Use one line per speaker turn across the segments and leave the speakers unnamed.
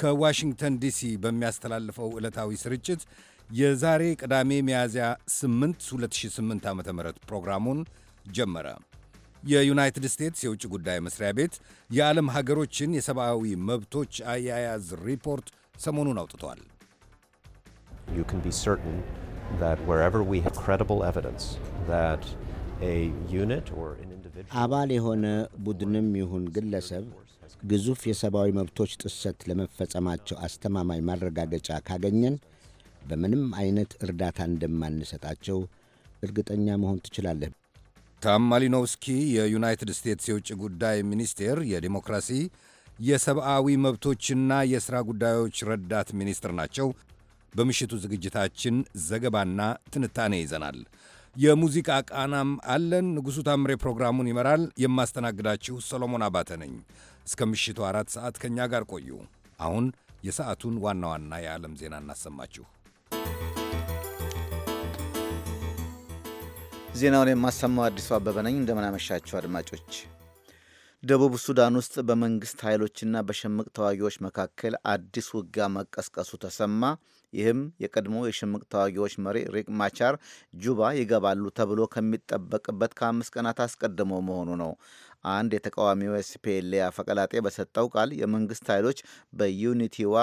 ከዋሽንግተን ዲሲ በሚያስተላልፈው ዕለታዊ ስርጭት የዛሬ ቅዳሜ ሚያዝያ 8 2008 ዓ ም ፕሮግራሙን ጀመረ። የዩናይትድ ስቴትስ የውጭ ጉዳይ መስሪያ ቤት የዓለም ሀገሮችን የሰብአዊ መብቶች አያያዝ ሪፖርት ሰሞኑን አውጥቷል።
አባል የሆነ ቡድንም ይሁን ግለሰብ ግዙፍ የሰብአዊ መብቶች ጥሰት ለመፈጸማቸው አስተማማኝ ማረጋገጫ ካገኘን በምንም አይነት እርዳታ እንደማንሰጣቸው እርግጠኛ መሆን
ትችላለህ። ታም ማሊኖቭስኪ የዩናይትድ ስቴትስ የውጭ ጉዳይ ሚኒስቴር የዲሞክራሲ የሰብአዊ መብቶችና የሥራ ጉዳዮች ረዳት ሚኒስትር ናቸው። በምሽቱ ዝግጅታችን ዘገባና ትንታኔ ይዘናል። የሙዚቃ ቃናም አለን። ንጉሡ ታምሬ ፕሮግራሙን ይመራል። የማስተናግዳችሁ ሰሎሞን አባተ ነኝ። እስከ ምሽቱ አራት ሰዓት ከእኛ ጋር ቆዩ። አሁን የሰዓቱን ዋና ዋና የዓለም ዜና እናሰማችሁ። ዜናውን
የማሰማው አዲሱ አበበ ነኝ። እንደምናመሻችሁ አድማጮች። ደቡብ ሱዳን ውስጥ በመንግሥት ኃይሎችና በሽምቅ ተዋጊዎች መካከል አዲስ ውጊያ መቀስቀሱ ተሰማ። ይህም የቀድሞ የሽምቅ ተዋጊዎች መሪ ሪክ ማቻር ጁባ ይገባሉ ተብሎ ከሚጠበቅበት ከአምስት ቀናት አስቀድሞ መሆኑ ነው። አንድ የተቃዋሚው ኤስፒኤልኤ አፈቀላጤ በሰጠው ቃል የመንግስት ኃይሎች በዩኒቲዋ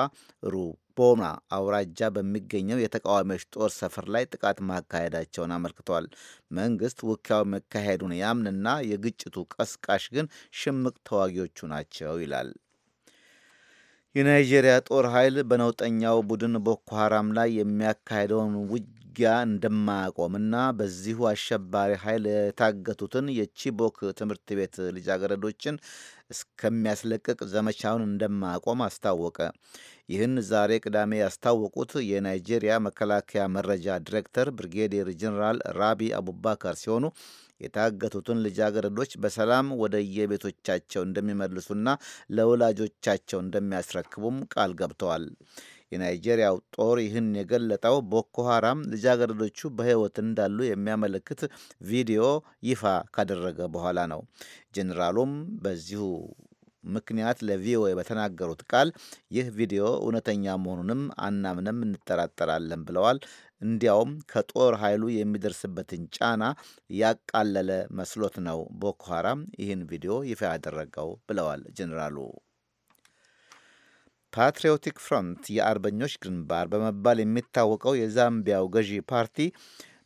ሩቦና አውራጃ በሚገኘው የተቃዋሚዎች ጦር ሰፈር ላይ ጥቃት ማካሄዳቸውን አመልክቷል። መንግስት ውኪያው መካሄዱን ያምንና የግጭቱ ቀስቃሽ ግን ሽምቅ ተዋጊዎቹ ናቸው ይላል። የናይጄሪያ ጦር ኃይል በነውጠኛው ቡድን ቦኮ ሐራም ላይ የሚያካሄደውን ውጊያ እንደማያቆምና በዚሁ አሸባሪ ኃይል የታገቱትን የቺቦክ ትምህርት ቤት ልጃገረዶችን እስከሚያስለቅቅ ዘመቻውን እንደማያቆም አስታወቀ። ይህን ዛሬ ቅዳሜ ያስታወቁት የናይጄሪያ መከላከያ መረጃ ዲሬክተር ብሪጌዲየር ጀኔራል ራቢ አቡባከር ሲሆኑ የታገቱትን ልጃገረዶች በሰላም ወደ የቤቶቻቸው እንደሚመልሱና ለወላጆቻቸው እንደሚያስረክቡም ቃል ገብተዋል። የናይጄሪያው ጦር ይህን የገለጠው ቦኮ ሐራም ልጃገረዶቹ በሕይወት እንዳሉ የሚያመለክት ቪዲዮ ይፋ ካደረገ በኋላ ነው። ጄኔራሉም በዚሁ ምክንያት ለቪኦኤ በተናገሩት ቃል ይህ ቪዲዮ እውነተኛ መሆኑንም አናምንም እንጠራጠራለን ብለዋል። እንዲያውም ከጦር ኃይሉ የሚደርስበትን ጫና ያቃለለ መስሎት ነው ቦኮ ይህን ቪዲዮ ይፋ ያደረገው ብለዋል ጀኔራሉ። ፓትሪዮቲክ ፍሮንት የአርበኞች ግንባር በመባል የሚታወቀው የዛምቢያው ገዢ ፓርቲ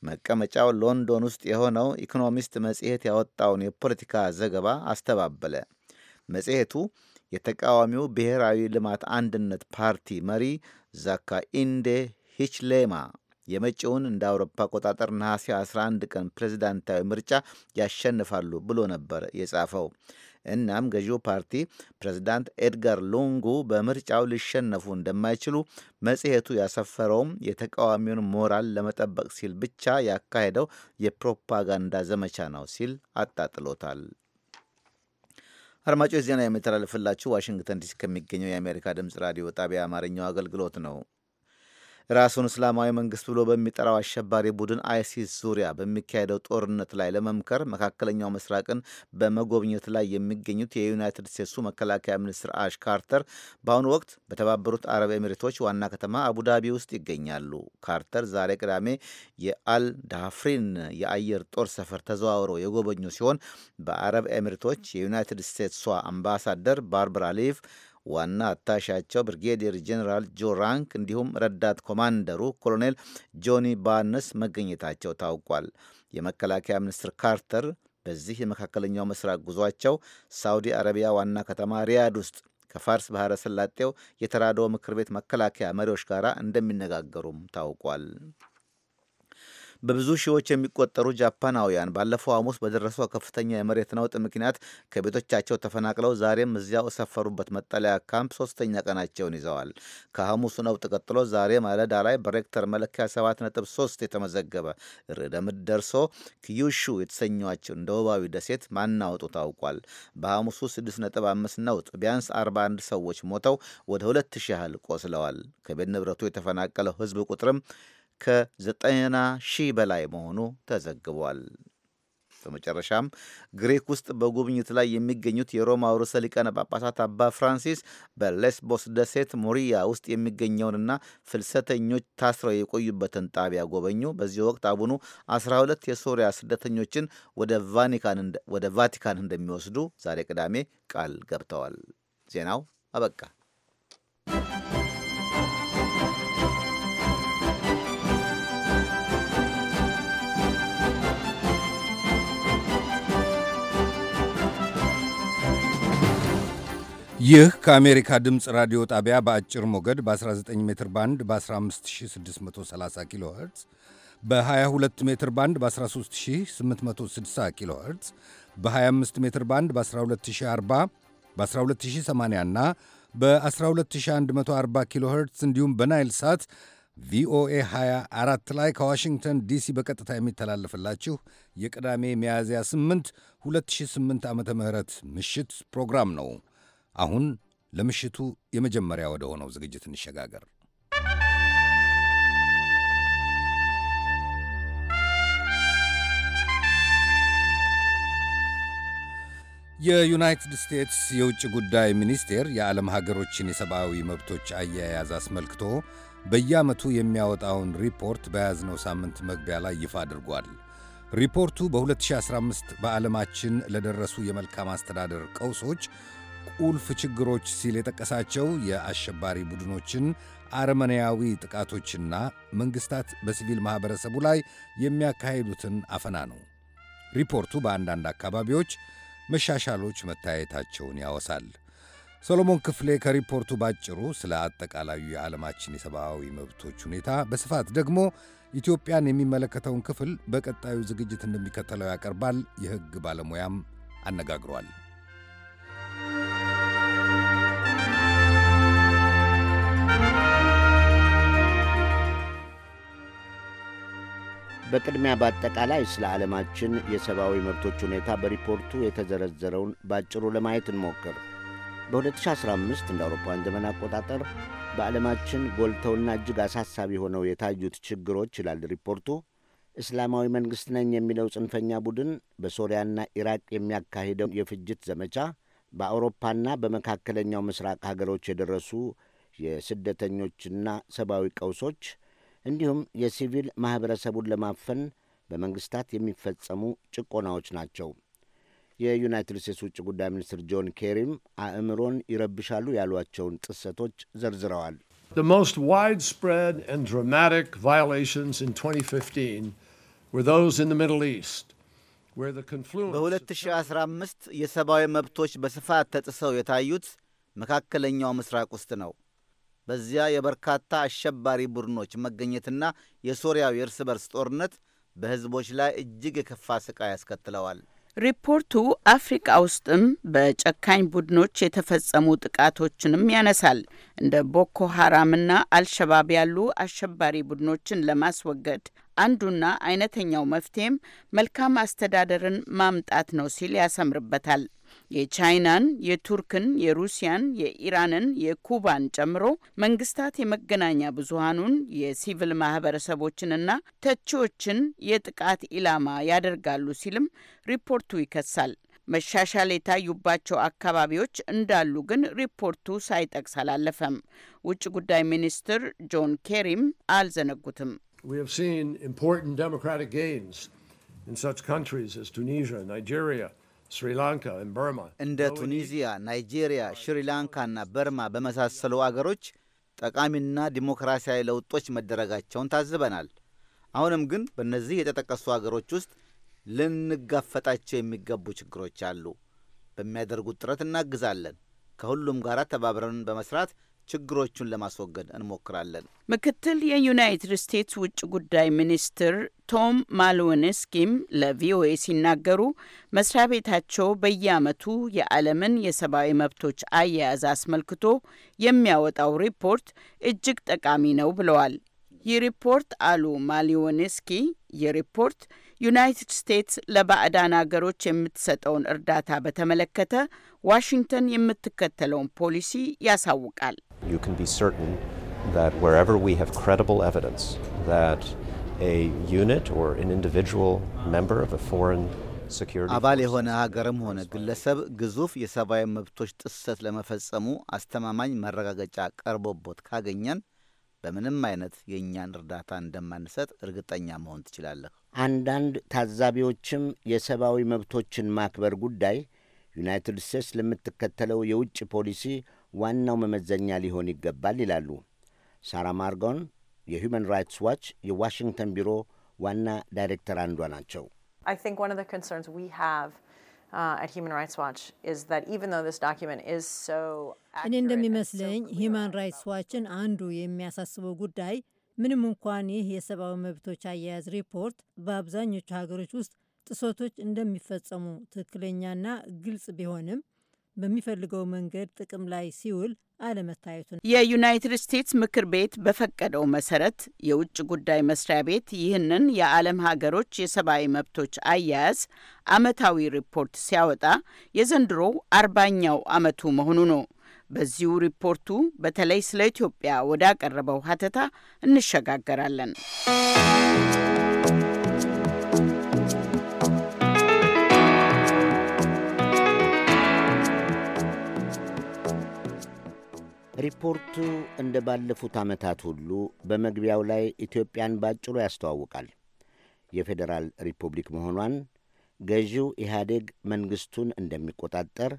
መቀመጫው ሎንዶን ውስጥ የሆነው ኢኮኖሚስት መጽሔት ያወጣውን የፖለቲካ ዘገባ አስተባበለ። መጽሔቱ የተቃዋሚው ብሔራዊ ልማት አንድነት ፓርቲ መሪ ዛካ ኢንዴ ሂችሌማ የመጪውን እንደ አውሮፓ አቆጣጠር ነሐሴ 11 ቀን ፕሬዚዳንታዊ ምርጫ ያሸንፋሉ ብሎ ነበር የጻፈው። እናም ገዢው ፓርቲ ፕሬዚዳንት ኤድጋር ሉንጉ በምርጫው ሊሸነፉ እንደማይችሉ መጽሔቱ ያሰፈረውም የተቃዋሚውን ሞራል ለመጠበቅ ሲል ብቻ ያካሄደው የፕሮፓጋንዳ ዘመቻ ነው ሲል አጣጥሎታል። አድማጮች ዜና የሚተላለፍላችሁ ዋሽንግተን ዲሲ ከሚገኘው የአሜሪካ ድምፅ ራዲዮ ጣቢያ አማርኛው አገልግሎት ነው። ራሱን እስላማዊ መንግስት ብሎ በሚጠራው አሸባሪ ቡድን አይሲስ ዙሪያ በሚካሄደው ጦርነት ላይ ለመምከር መካከለኛው ምስራቅን በመጎብኘት ላይ የሚገኙት የዩናይትድ ስቴትሱ መከላከያ ሚኒስትር አሽ ካርተር በአሁኑ ወቅት በተባበሩት አረብ ኤሚሬቶች ዋና ከተማ አቡዳቢ ውስጥ ይገኛሉ። ካርተር ዛሬ ቅዳሜ የአል ዳፍሪን የአየር ጦር ሰፈር ተዘዋውረው የጎበኙ ሲሆን በአረብ ኤሚሬቶች የዩናይትድ ስቴትሷ አምባሳደር ባርበራ ሊቭ ዋና አታሻቸው ብርጌዲየር ጄኔራል ጆ ራንክ እንዲሁም ረዳት ኮማንደሩ ኮሎኔል ጆኒ ባርነስ መገኘታቸው ታውቋል። የመከላከያ ሚኒስትር ካርተር በዚህ የመካከለኛው ምስራቅ ጉዟቸው ሳውዲ አረቢያ ዋና ከተማ ሪያድ ውስጥ ከፋርስ ባህረ ሰላጤው የተራድኦ ምክር ቤት መከላከያ መሪዎች ጋር እንደሚነጋገሩም ታውቋል። በብዙ ሺዎች የሚቆጠሩ ጃፓናውያን ባለፈው ሐሙስ በደረሰው ከፍተኛ የመሬት ነውጥ ምክንያት ከቤቶቻቸው ተፈናቅለው ዛሬም እዚያው የሰፈሩበት መጠለያ ካምፕ ሶስተኛ ቀናቸውን ይዘዋል። ከሐሙሱ ነውጥ ቀጥሎ ዛሬ ማለዳ ላይ በሬክተር መለኪያ 7.3 የተመዘገበ ርዕደ ምድር ደርሶ ኪዩሹ የተሰኟቸውን ደቡባዊ ደሴት ማናወጡ ታውቋል። በሐሙሱ 6.5 ነውጥ ቢያንስ 41 ሰዎች ሞተው ወደ 2000 ያህል ቆስለዋል። ከቤት ንብረቱ የተፈናቀለው ህዝብ ቁጥርም ከዘጠና ሺህ በላይ መሆኑ ተዘግቧል። በመጨረሻም ግሪክ ውስጥ በጉብኝት ላይ የሚገኙት የሮማው ርዕሰ ሊቃነ ጳጳሳት አባ ፍራንሲስ በሌስቦስ ደሴት ሞሪያ ውስጥ የሚገኘውንና ፍልሰተኞች ታስረው የቆዩበትን ጣቢያ ጎበኙ። በዚህ ወቅት አቡኑ 12 የሶሪያ ስደተኞችን ወደ ቫቲካን እንደሚወስዱ ዛሬ ቅዳሜ ቃል ገብተዋል። ዜናው አበቃ።
ይህ ከአሜሪካ ድምፅ ራዲዮ ጣቢያ በአጭር ሞገድ በ19 ሜትር ባንድ በ15630 ኪሎ ኸርትዝ በ22 ሜትር ባንድ በ13860 ኪሎ ኸርትዝ በ25 ሜትር ባንድ በ 1240 በ12080 እና በ12140 ኪሎ ኸርትዝ እንዲሁም በናይል ሳት ቪኦኤ 24 ላይ ከዋሽንግተን ዲሲ በቀጥታ የሚተላለፍላችሁ የቅዳሜ ሚያዝያ 8 2008 ዓ ም ምሽት ፕሮግራም ነው። አሁን ለምሽቱ የመጀመሪያ ወደ ሆነው ዝግጅት እንሸጋገር። የዩናይትድ ስቴትስ የውጭ ጉዳይ ሚኒስቴር የዓለም ሀገሮችን የሰብአዊ መብቶች አያያዝ አስመልክቶ በየዓመቱ የሚያወጣውን ሪፖርት በያዝነው ሳምንት መግቢያ ላይ ይፋ አድርጓል። ሪፖርቱ በ2015 በዓለማችን ለደረሱ የመልካም አስተዳደር ቀውሶች ቁልፍ ችግሮች ሲል የጠቀሳቸው የአሸባሪ ቡድኖችን አረመኔያዊ ጥቃቶችና መንግሥታት በሲቪል ማኅበረሰቡ ላይ የሚያካሂዱትን አፈና ነው። ሪፖርቱ በአንዳንድ አካባቢዎች መሻሻሎች መታየታቸውን ያወሳል። ሰሎሞን ክፍሌ ከሪፖርቱ ባጭሩ ስለ አጠቃላዩ የዓለማችን የሰብአዊ መብቶች ሁኔታ በስፋት ደግሞ ኢትዮጵያን የሚመለከተውን ክፍል በቀጣዩ ዝግጅት እንደሚከተለው ያቀርባል። የሕግ ባለሙያም አነጋግሯል።
በቅድሚያ በአጠቃላይ ስለ ዓለማችን የሰብአዊ መብቶች ሁኔታ በሪፖርቱ የተዘረዘረውን ባጭሩ ለማየት እንሞክር። በ2015 እንደ አውሮፓውያን ዘመን አቆጣጠር በዓለማችን ጎልተውና እጅግ አሳሳቢ ሆነው የታዩት ችግሮች ይላል ሪፖርቱ እስላማዊ መንግሥት ነኝ የሚለው ጽንፈኛ ቡድን በሶሪያና ኢራቅ የሚያካሂደው የፍጅት ዘመቻ፣ በአውሮፓና በመካከለኛው ምስራቅ ሀገሮች የደረሱ የስደተኞችና ሰብአዊ ቀውሶች እንዲሁም የሲቪል ማኅበረሰቡን ለማፈን በመንግሥታት የሚፈጸሙ ጭቆናዎች ናቸው። የዩናይትድ ስቴትስ ውጭ ጉዳይ ሚኒስትር ጆን ኬሪም አእምሮን
ይረብሻሉ ያሏቸውን ጥሰቶች ዘርዝረዋል። The most widespread and dramatic violations in 2015 were those in the Middle East.
በ2015 የሰብአዊ መብቶች በስፋት ተጥሰው የታዩት መካከለኛው ምስራቅ ውስጥ ነው። በዚያ የበርካታ አሸባሪ ቡድኖች መገኘትና የሶሪያው የእርስ በርስ ጦርነት በሕዝቦች ላይ እጅግ የከፋ ስቃይ
ያስከትለዋል። ሪፖርቱ አፍሪቃ ውስጥም በጨካኝ ቡድኖች የተፈጸሙ ጥቃቶችንም ያነሳል። እንደ ቦኮ ሀራምና አልሸባብ ያሉ አሸባሪ ቡድኖችን ለማስወገድ አንዱና አይነተኛው መፍትሄም መልካም አስተዳደርን ማምጣት ነው ሲል ያሰምርበታል። የቻይናን፣ የቱርክን፣ የሩሲያን፣ የኢራንን፣ የኩባን ጨምሮ መንግስታት የመገናኛ ብዙሃኑን የሲቪል ማህበረሰቦችንና ተቺዎችን የጥቃት ኢላማ ያደርጋሉ ሲልም ሪፖርቱ ይከሳል። መሻሻል የታዩባቸው አካባቢዎች እንዳሉ ግን ሪፖርቱ ሳይጠቅስ አላለፈም። ውጭ ጉዳይ ሚኒስትር ጆን ኬሪም አልዘነጉትም።
ቱኒዚያ እንደ ቱኒዚያ፣ ናይጄሪያ፣
ሽሪላንካና በርማ በመሳሰሉ አገሮች ጠቃሚና ዲሞክራሲያዊ ለውጦች መደረጋቸውን ታዝበናል። አሁንም ግን በእነዚህ የተጠቀሱ አገሮች ውስጥ ልንጋፈጣቸው የሚገቡ ችግሮች አሉ። በሚያደርጉት ጥረት እናግዛለን። ከሁሉም ጋር ተባብረን በመስራት ችግሮቹን ለማስወገድ እንሞክራለን።
ምክትል የዩናይትድ ስቴትስ ውጭ ጉዳይ ሚኒስትር ቶም ማልወንስኪም ለቪኦኤ ሲናገሩ መስሪያ ቤታቸው በየዓመቱ የዓለምን የሰብአዊ መብቶች አያያዝ አስመልክቶ የሚያወጣው ሪፖርት እጅግ ጠቃሚ ነው ብለዋል። ይህ ሪፖርት አሉ ማሊዮኔስኪ፣ ይህ ሪፖርት ዩናይትድ ስቴትስ ለባዕዳን አገሮች የምትሰጠውን እርዳታ በተመለከተ ዋሽንግተን የምትከተለውን ፖሊሲ ያሳውቃል።
You can be certain that wherever we have credible
evidence that a unit or an individual member of a foreign አባል
የሆነ ሀገርም ሆነ ግለሰብ ግዙፍ የሰብአዊ መብቶች ጥሰት ለመፈጸሙ አስተማማኝ መረጋገጫ ቀርቦቦት ካገኘን በምንም አይነት የእኛን እርዳታ እንደማንሰጥ እርግጠኛ መሆን ትችላለህ።
አንዳንድ ታዛቢዎችም የሰብአዊ መብቶችን ማክበር ጉዳይ ዩናይትድ ስቴትስ ለምትከተለው የውጭ ፖሊሲ ዋናው መመዘኛ ሊሆን ይገባል ይላሉ ሳራ ማርጎን የሁማን ራይትስ ዋች የዋሽንግተን ቢሮ ዋና ዳይሬክተር አንዷ ናቸው።
uh,
እኔ እንደሚመስለኝ ሂማን ራይትስ ዋችን አንዱ የሚያሳስበው ጉዳይ ምንም እንኳን ይህ የሰብአዊ መብቶች አያያዝ ሪፖርት በአብዛኞቹ ሀገሮች ውስጥ ጥሰቶች እንደሚፈጸሙ ትክክለኛና ግልጽ ቢሆንም በሚፈልገው መንገድ ጥቅም ላይ ሲውል አለመታየቱን
የዩናይትድ ስቴትስ ምክር ቤት በፈቀደው መሰረት የውጭ ጉዳይ መስሪያ ቤት ይህንን የዓለም ሀገሮች የሰብአዊ መብቶች አያያዝ አመታዊ ሪፖርት ሲያወጣ የዘንድሮው አርባኛው አመቱ መሆኑ ነው። በዚሁ ሪፖርቱ በተለይ ስለ ኢትዮጵያ ወዳቀረበው ሀተታ እንሸጋገራለን።
ሪፖርቱ እንደ ባለፉት ዓመታት ሁሉ በመግቢያው ላይ ኢትዮጵያን ባጭሩ ያስተዋውቃል። የፌዴራል ሪፑብሊክ መሆኗን፣ ገዢው ኢህአዴግ መንግሥቱን እንደሚቆጣጠር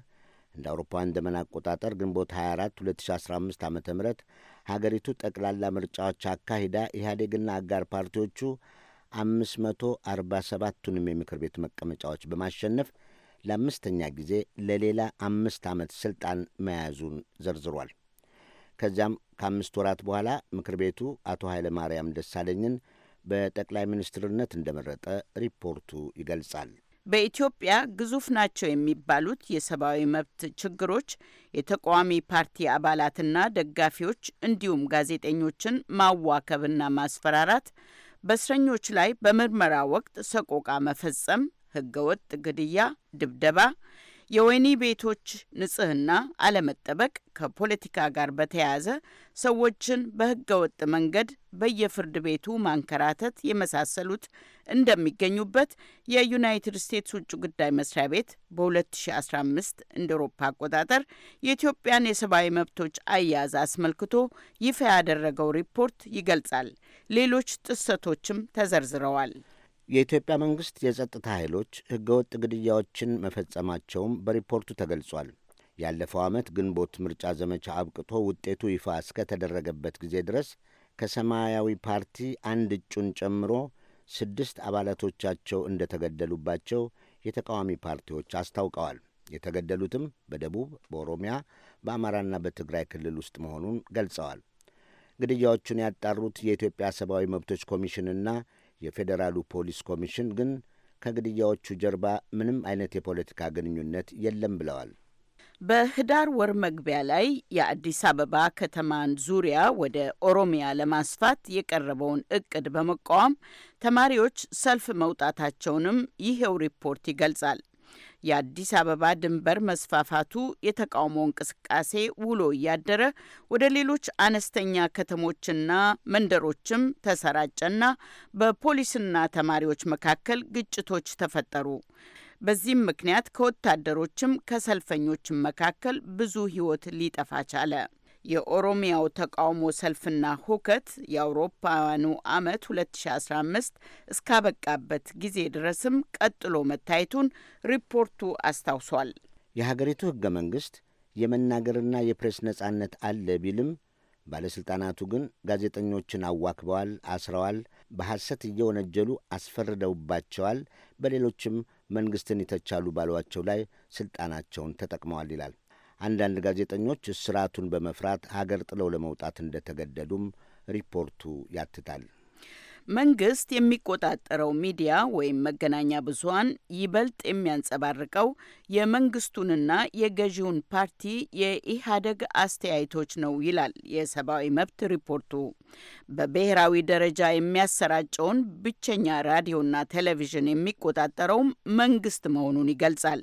እንደ አውሮፓውያን ዘመን አቆጣጠር ግንቦት 24 2015 ዓ ም ሀገሪቱ ጠቅላላ ምርጫዎች አካሂዳ ኢህአዴግና አጋር ፓርቲዎቹ 547ቱንም የምክር ቤት መቀመጫዎች በማሸነፍ ለአምስተኛ ጊዜ ለሌላ አምስት ዓመት ሥልጣን መያዙን ዘርዝሯል። ከዚያም ከአምስት ወራት በኋላ ምክር ቤቱ አቶ ኃይለ ማርያም ደሳለኝን በጠቅላይ ሚኒስትርነት እንደመረጠ ሪፖርቱ ይገልጻል።
በኢትዮጵያ ግዙፍ ናቸው የሚባሉት የሰብአዊ መብት ችግሮች የተቃዋሚ ፓርቲ አባላትና ደጋፊዎች እንዲሁም ጋዜጠኞችን ማዋከብና ማስፈራራት፣ በእስረኞች ላይ በምርመራ ወቅት ሰቆቃ መፈጸም፣ ህገወጥ ግድያ፣ ድብደባ የወይኒ ቤቶች ንጽህና አለመጠበቅ ከፖለቲካ ጋር በተያያዘ ሰዎችን በህገወጥ መንገድ በየፍርድ ቤቱ ማንከራተት የመሳሰሉት እንደሚገኙበት የዩናይትድ ስቴትስ ውጭ ጉዳይ መስሪያ ቤት በ2015 እንደ ኤሮፓ አቆጣጠር የኢትዮጵያን የሰብአዊ መብቶች አያያዝ አስመልክቶ ይፋ ያደረገው ሪፖርት ይገልጻል። ሌሎች ጥሰቶችም ተዘርዝረዋል።
የኢትዮጵያ መንግሥት የጸጥታ ኃይሎች ሕገወጥ ግድያዎችን መፈጸማቸውም በሪፖርቱ ተገልጿል። ያለፈው ዓመት ግንቦት ምርጫ ዘመቻ አብቅቶ ውጤቱ ይፋ እስከተደረገበት ጊዜ ድረስ ከሰማያዊ ፓርቲ አንድ እጩን ጨምሮ ስድስት አባላቶቻቸው እንደተገደሉባቸው የተቃዋሚ ፓርቲዎች አስታውቀዋል። የተገደሉትም በደቡብ፣ በኦሮሚያ፣ በአማራና በትግራይ ክልል ውስጥ መሆኑን ገልጸዋል። ግድያዎቹን ያጣሩት የኢትዮጵያ ሰብአዊ መብቶች ኮሚሽንና የፌዴራሉ ፖሊስ ኮሚሽን ግን ከግድያዎቹ ጀርባ ምንም አይነት የፖለቲካ ግንኙነት የለም ብለዋል።
በህዳር ወር መግቢያ ላይ የአዲስ አበባ ከተማን ዙሪያ ወደ ኦሮሚያ ለማስፋት የቀረበውን እቅድ በመቃወም ተማሪዎች ሰልፍ መውጣታቸውንም ይሄው ሪፖርት ይገልጻል። የአዲስ አበባ ድንበር መስፋፋቱ የተቃውሞ እንቅስቃሴ ውሎ እያደረ ወደ ሌሎች አነስተኛ ከተሞችና መንደሮችም ተሰራጨና በፖሊስና ተማሪዎች መካከል ግጭቶች ተፈጠሩ። በዚህም ምክንያት ከወታደሮችም ከሰልፈኞችም መካከል ብዙ ሕይወት ሊጠፋ ቻለ። የኦሮሚያው ተቃውሞ ሰልፍና ሁከት የአውሮፓውያኑ ዓመት 2015 እስካበቃበት ጊዜ ድረስም ቀጥሎ መታየቱን ሪፖርቱ አስታውሷል።
የሀገሪቱ ህገ መንግስት የመናገርና የፕሬስ ነጻነት አለ ቢልም ባለሥልጣናቱ ግን ጋዜጠኞችን አዋክበዋል፣ አስረዋል፣ በሐሰት እየወነጀሉ አስፈርደውባቸዋል፣ በሌሎችም መንግሥትን ይተቻሉ ባሏቸው ላይ ሥልጣናቸውን ተጠቅመዋል ይላል። አንዳንድ ጋዜጠኞች እስራቱን በመፍራት ሀገር ጥለው ለመውጣት እንደተገደዱም ሪፖርቱ ያትታል።
መንግስት የሚቆጣጠረው ሚዲያ ወይም መገናኛ ብዙሀን ይበልጥ የሚያንጸባርቀው የመንግስቱንና የገዢውን ፓርቲ የኢህአዴግ አስተያየቶች ነው ይላል የሰብአዊ መብት ሪፖርቱ። በብሔራዊ ደረጃ የሚያሰራጨውን ብቸኛ ራዲዮና ቴሌቪዥን የሚቆጣጠረውም መንግስት መሆኑን ይገልጻል።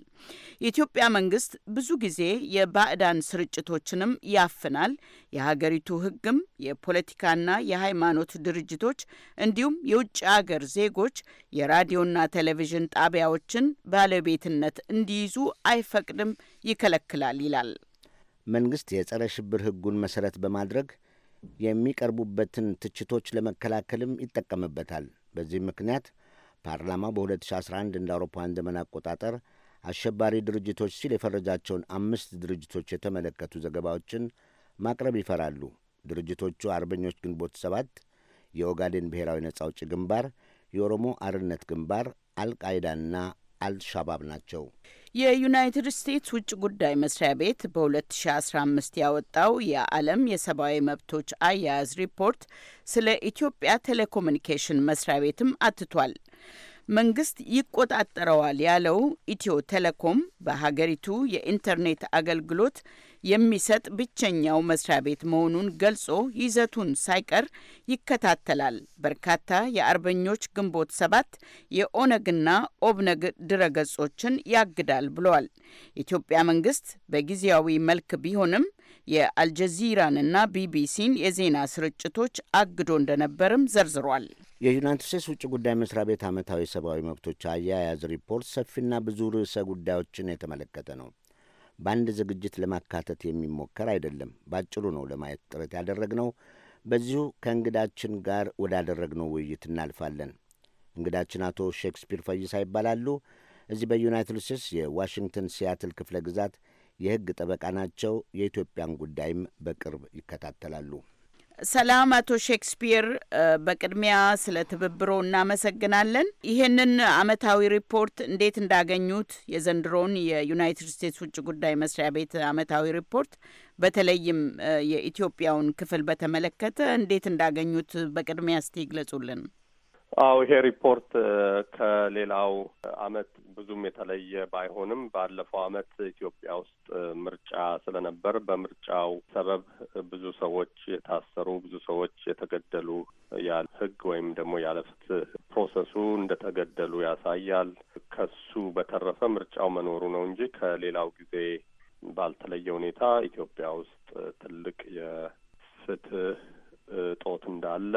የኢትዮጵያ መንግስት ብዙ ጊዜ የባዕዳን ስርጭቶችንም ያፍናል። የሀገሪቱ ህግም የፖለቲካና የሃይማኖት ድርጅቶች እንዲሁም የውጭ አገር ዜጎች የራዲዮና ቴሌቪዥን ጣቢያዎችን ባለቤትነት እንዲይዙ አይፈቅድም፣ ይከለክላል ይላል።
መንግስት የጸረ ሽብር ህጉን መሰረት በማድረግ የሚቀርቡበትን ትችቶች ለመከላከልም ይጠቀምበታል። በዚህም ምክንያት ፓርላማው በ2011 እንደ አውሮፓውያን ዘመን አቆጣጠር አሸባሪ ድርጅቶች ሲል የፈረጃቸውን አምስት ድርጅቶች የተመለከቱ ዘገባዎችን ማቅረብ ይፈራሉ። ድርጅቶቹ አርበኞች ግንቦት ሰባት፣ የኦጋዴን ብሔራዊ ነጻ አውጪ ግንባር፣ የኦሮሞ አርነት ግንባር፣ አልቃይዳና አልሻባብ ናቸው።
የዩናይትድ ስቴትስ ውጭ ጉዳይ መስሪያ ቤት በ2015 ያወጣው የዓለም የሰብአዊ መብቶች አያያዝ ሪፖርት ስለ ኢትዮጵያ ቴሌኮሙኒኬሽን መስሪያ ቤትም አትቷል። መንግስት ይቆጣጠረዋል ያለው ኢትዮ ቴሌኮም በሀገሪቱ የኢንተርኔት አገልግሎት የሚሰጥ ብቸኛው መስሪያ ቤት መሆኑን ገልጾ ይዘቱን ሳይቀር ይከታተላል። በርካታ የአርበኞች ግንቦት ሰባት የኦነግና ኦብነግ ድረገጾችን ያግዳል ብለዋል። የኢትዮጵያ መንግስት በጊዜያዊ መልክ ቢሆንም የአልጀዚራንና ቢቢሲን የዜና ስርጭቶች አግዶ እንደነበርም ዘርዝሯል።
የዩናይትድ ስቴትስ ውጭ ጉዳይ መስሪያ ቤት ዓመታዊ ሰብአዊ መብቶች አያያዝ ሪፖርት ሰፊና ብዙ ርዕሰ ጉዳዮችን የተመለከተ ነው። በአንድ ዝግጅት ለማካተት የሚሞከር አይደለም። ባጭሩ ነው ለማየት ጥረት ያደረግነው። በዚሁ ከእንግዳችን ጋር ወዳደረግነው ውይይት እናልፋለን። እንግዳችን አቶ ሼክስፒር ፈይሳ ይባላሉ። እዚህ በዩናይትድ ስቴትስ የዋሽንግተን ሲያትል ክፍለ ግዛት የሕግ ጠበቃ ናቸው። የኢትዮጵያን ጉዳይም በቅርብ ይከታተላሉ።
ሰላም አቶ ሼክስፒር፣ በቅድሚያ ስለ ትብብሮ እናመሰግናለን። ይህንን አመታዊ ሪፖርት እንዴት እንዳገኙት የዘንድሮውን የዩናይትድ ስቴትስ ውጭ ጉዳይ መስሪያ ቤት አመታዊ ሪፖርት በተለይም የኢትዮጵያውን ክፍል በተመለከተ እንዴት እንዳገኙት በቅድሚያ እስቲ ይግለጹልን።
አዎ ይሄ ሪፖርት ከሌላው አመት ብዙም የተለየ ባይሆንም ባለፈው አመት ኢትዮጵያ ውስጥ ምርጫ ስለነበር በምርጫው ሰበብ ብዙ ሰዎች የታሰሩ፣ ብዙ ሰዎች የተገደሉ ያለ ህግ ወይም ደግሞ ያለ ፍትህ ፕሮሰሱ እንደተገደሉ ያሳያል። ከሱ በተረፈ ምርጫው መኖሩ ነው እንጂ ከሌላው ጊዜ ባልተለየ ሁኔታ ኢትዮጵያ ውስጥ ትልቅ የፍትህ እጦት እንዳለ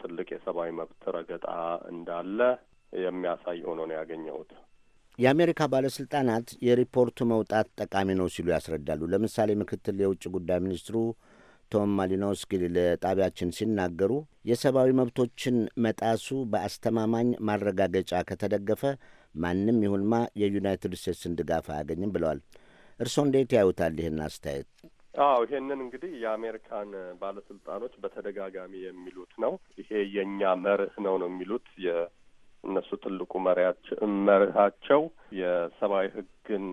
ትልቅ የሰብአዊ መብት ረገጣ እንዳለ የሚያሳይ ሆኖ ነው ያገኘሁት።
የአሜሪካ ባለስልጣናት የሪፖርቱ መውጣት ጠቃሚ ነው ሲሉ ያስረዳሉ። ለምሳሌ ምክትል የውጭ ጉዳይ ሚኒስትሩ ቶም ማሊኖስኪ ለጣቢያችን ሲናገሩ የሰብአዊ መብቶችን መጣሱ በአስተማማኝ ማረጋገጫ ከተደገፈ ማንም ይሁንማ የዩናይትድ ስቴትስን ድጋፍ አያገኝም ብለዋል። እርስዎ እንዴት ያዩታል ይህን አስተያየት?
አዎ ይሄንን እንግዲህ የአሜሪካን ባለስልጣኖች በተደጋጋሚ የሚሉት ነው። ይሄ የእኛ መርህ ነው ነው የሚሉት የእነሱ ትልቁ መርሃቸው የሰብአዊ ህግን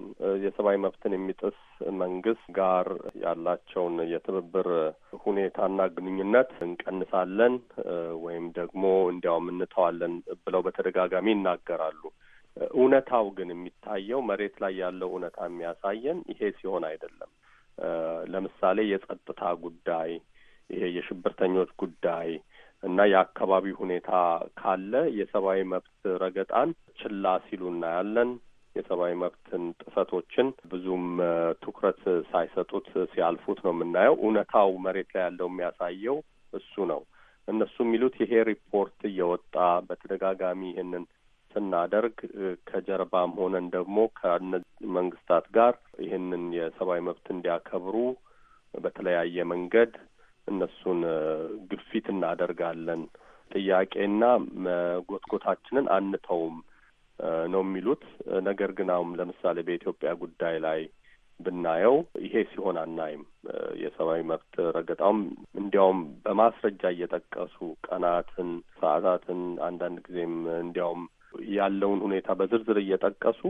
የሰብአዊ መብትን የሚጥስ መንግስት ጋር ያላቸውን የትብብር ሁኔታና ግንኙነት እንቀንሳለን ወይም ደግሞ እንዲያውም እንተዋለን ብለው በተደጋጋሚ ይናገራሉ። እውነታው ግን የሚታየው መሬት ላይ ያለው እውነታ የሚያሳየን ይሄ ሲሆን አይደለም። ለምሳሌ የጸጥታ ጉዳይ ይሄ የሽብርተኞች ጉዳይ እና የአካባቢ ሁኔታ ካለ የሰብአዊ መብት ረገጣን ችላ ሲሉ እናያለን። የሰብአዊ መብትን ጥሰቶችን ብዙም ትኩረት ሳይሰጡት ሲያልፉት ነው የምናየው። እውነታው መሬት ላይ ያለው የሚያሳየው እሱ ነው። እነሱ የሚሉት ይሄ ሪፖርት እየወጣ በተደጋጋሚ ይህንን ስናደርግ ከጀርባም ሆነን ደግሞ ከነዚህ መንግስታት ጋር ይህንን የሰብአዊ መብት እንዲያከብሩ በተለያየ መንገድ እነሱን ግፊት እናደርጋለን። ጥያቄና መጎትጎታችንን አንተውም ነው የሚሉት። ነገር ግን አሁን ለምሳሌ በኢትዮጵያ ጉዳይ ላይ ብናየው ይሄ ሲሆን አናይም። የሰብአዊ መብት ረገጣውም እንዲያውም በማስረጃ እየጠቀሱ ቀናትን፣ ሰዓታትን አንዳንድ ጊዜም እንዲያውም ያለውን ሁኔታ በዝርዝር እየጠቀሱ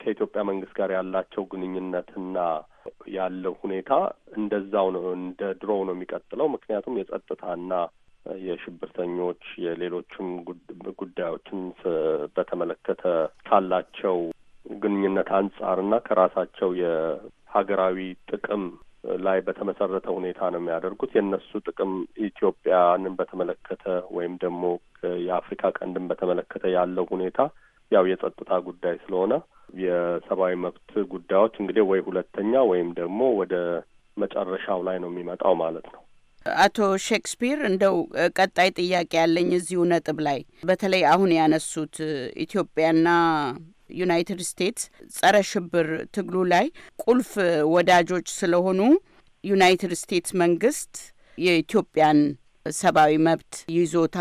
ከኢትዮጵያ መንግስት ጋር ያላቸው ግንኙነትና ያለው ሁኔታ እንደዛው ነው፣ እንደ ድሮው ነው የሚቀጥለው። ምክንያቱም የጸጥታና የሽብርተኞች የሌሎችም ጉዳዮችን በተመለከተ ካላቸው ግንኙነት አንጻርና ከራሳቸው የሀገራዊ ጥቅም ላይ በተመሰረተ ሁኔታ ነው የሚያደርጉት። የእነሱ ጥቅም ኢትዮጵያንን በተመለከተ ወይም ደግሞ የአፍሪካ ቀንድን በተመለከተ ያለው ሁኔታ ያው የጸጥታ ጉዳይ ስለሆነ የሰብአዊ መብት ጉዳዮች እንግዲህ ወይ ሁለተኛ ወይም ደግሞ ወደ መጨረሻው ላይ ነው የሚመጣው ማለት ነው።
አቶ ሼክስፒር እንደው ቀጣይ ጥያቄ ያለኝ እዚሁ ነጥብ ላይ በተለይ አሁን ያነሱት ኢትዮጵያና ዩናይትድ ስቴትስ ጸረ ሽብር ትግሉ ላይ ቁልፍ ወዳጆች ስለሆኑ ዩናይትድ ስቴትስ መንግስት የኢትዮጵያን ሰብአዊ መብት ይዞታ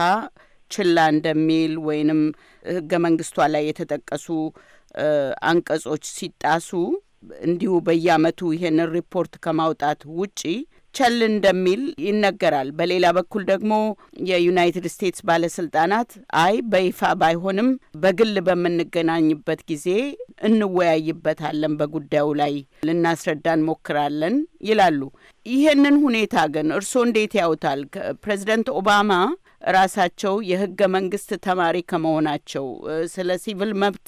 ችላ እንደሚል ወይንም ህገ መንግስቷ ላይ የተጠቀሱ አንቀጾች ሲጣሱ እንዲሁ በየአመቱ ይሄንን ሪፖርት ከማውጣት ውጪ ቸል እንደሚል ይነገራል። በሌላ በኩል ደግሞ የዩናይትድ ስቴትስ ባለስልጣናት አይ በይፋ ባይሆንም በግል በምንገናኝበት ጊዜ እንወያይበታለን፣ በጉዳዩ ላይ ልናስረዳ እንሞክራለን ይላሉ። ይህንን ሁኔታ ግን እርስዎ እንዴት ያውታል? ፕሬዚደንት ኦባማ ራሳቸው የህገ መንግስት ተማሪ ከመሆናቸው ስለ ሲቪል መብት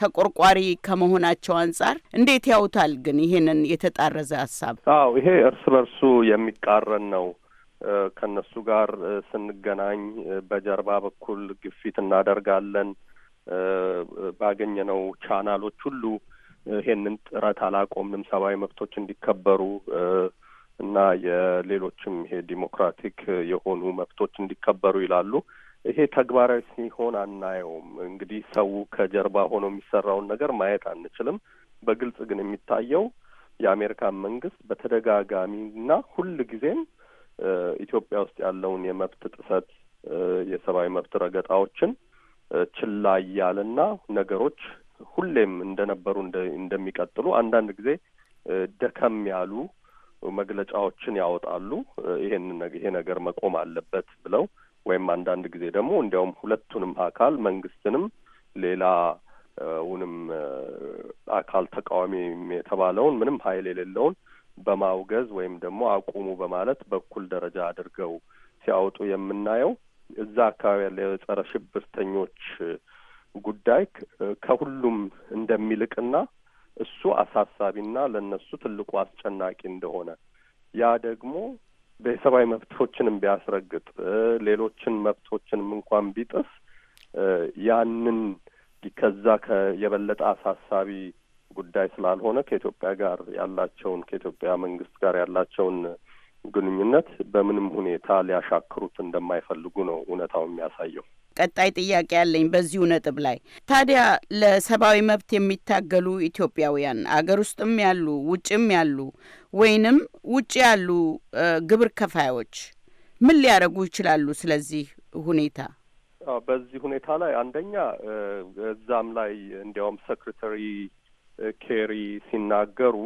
ተቆርቋሪ ከመሆናቸው አንጻር እንዴት ያውታል? ግን ይሄንን የተጣረዘ ሀሳብ
አዎ፣ ይሄ እርስ በርሱ የሚቃረን ነው። ከነሱ ጋር ስንገናኝ በጀርባ በኩል ግፊት እናደርጋለን። ባገኘነው ቻናሎች ሁሉ ይሄንን ጥረት አላቆምንም። ሰብአዊ መብቶች እንዲከበሩ እና የሌሎችም ይሄ ዲሞክራቲክ የሆኑ መብቶች እንዲከበሩ ይላሉ። ይሄ ተግባራዊ ሲሆን አናየውም። እንግዲህ ሰው ከጀርባ ሆኖ የሚሰራውን ነገር ማየት አንችልም። በግልጽ ግን የሚታየው የአሜሪካን መንግስት በተደጋጋሚና ሁል ጊዜም ኢትዮጵያ ውስጥ ያለውን የመብት ጥሰት፣ የሰብአዊ መብት ረገጣዎችን ችላ እያለና ነገሮች ሁሌም እንደነበሩ እንደሚቀጥሉ አንዳንድ ጊዜ ደከም ያሉ መግለጫዎችን ያወጣሉ። ይሄን ይሄ ነገር መቆም አለበት ብለው ወይም አንዳንድ ጊዜ ደግሞ እንዲያውም ሁለቱንም አካል መንግስትንም ውንም አካል ተቃዋሚ የተባለውን ምንም ኃይል የሌለውን በማውገዝ ወይም ደግሞ አቁሙ በማለት በኩል ደረጃ አድርገው ሲያወጡ የምናየው እዛ አካባቢ ያለ የጸረ ሽብርተኞች ጉዳይ ከሁሉም እንደሚልቅና እሱ አሳሳቢና ለእነሱ ትልቁ አስጨናቂ እንደሆነ ያ ደግሞ የሰብአዊ መብቶችንም ቢያስረግጥ ሌሎችን መብቶችንም እንኳን ቢጥስ ያንን ከዛ የበለጠ አሳሳቢ ጉዳይ ስላልሆነ ከኢትዮጵያ ጋር ያላቸውን ከኢትዮጵያ መንግስት ጋር ያላቸውን ግንኙነት በምንም ሁኔታ ሊያሻክሩት እንደማይፈልጉ ነው እውነታው የሚያሳየው።
ቀጣይ ጥያቄ ያለኝ በዚሁ ነጥብ ላይ ታዲያ ለሰብአዊ መብት የሚታገሉ ኢትዮጵያውያን አገር ውስጥም ያሉ ውጭም ያሉ ወይንም ውጭ ያሉ ግብር ከፋዮች ምን ሊያደርጉ ይችላሉ? ስለዚህ ሁኔታ
በዚህ ሁኔታ ላይ አንደኛ እዛም ላይ እንዲያውም ሴክሬታሪ ኬሪ ሲናገሩ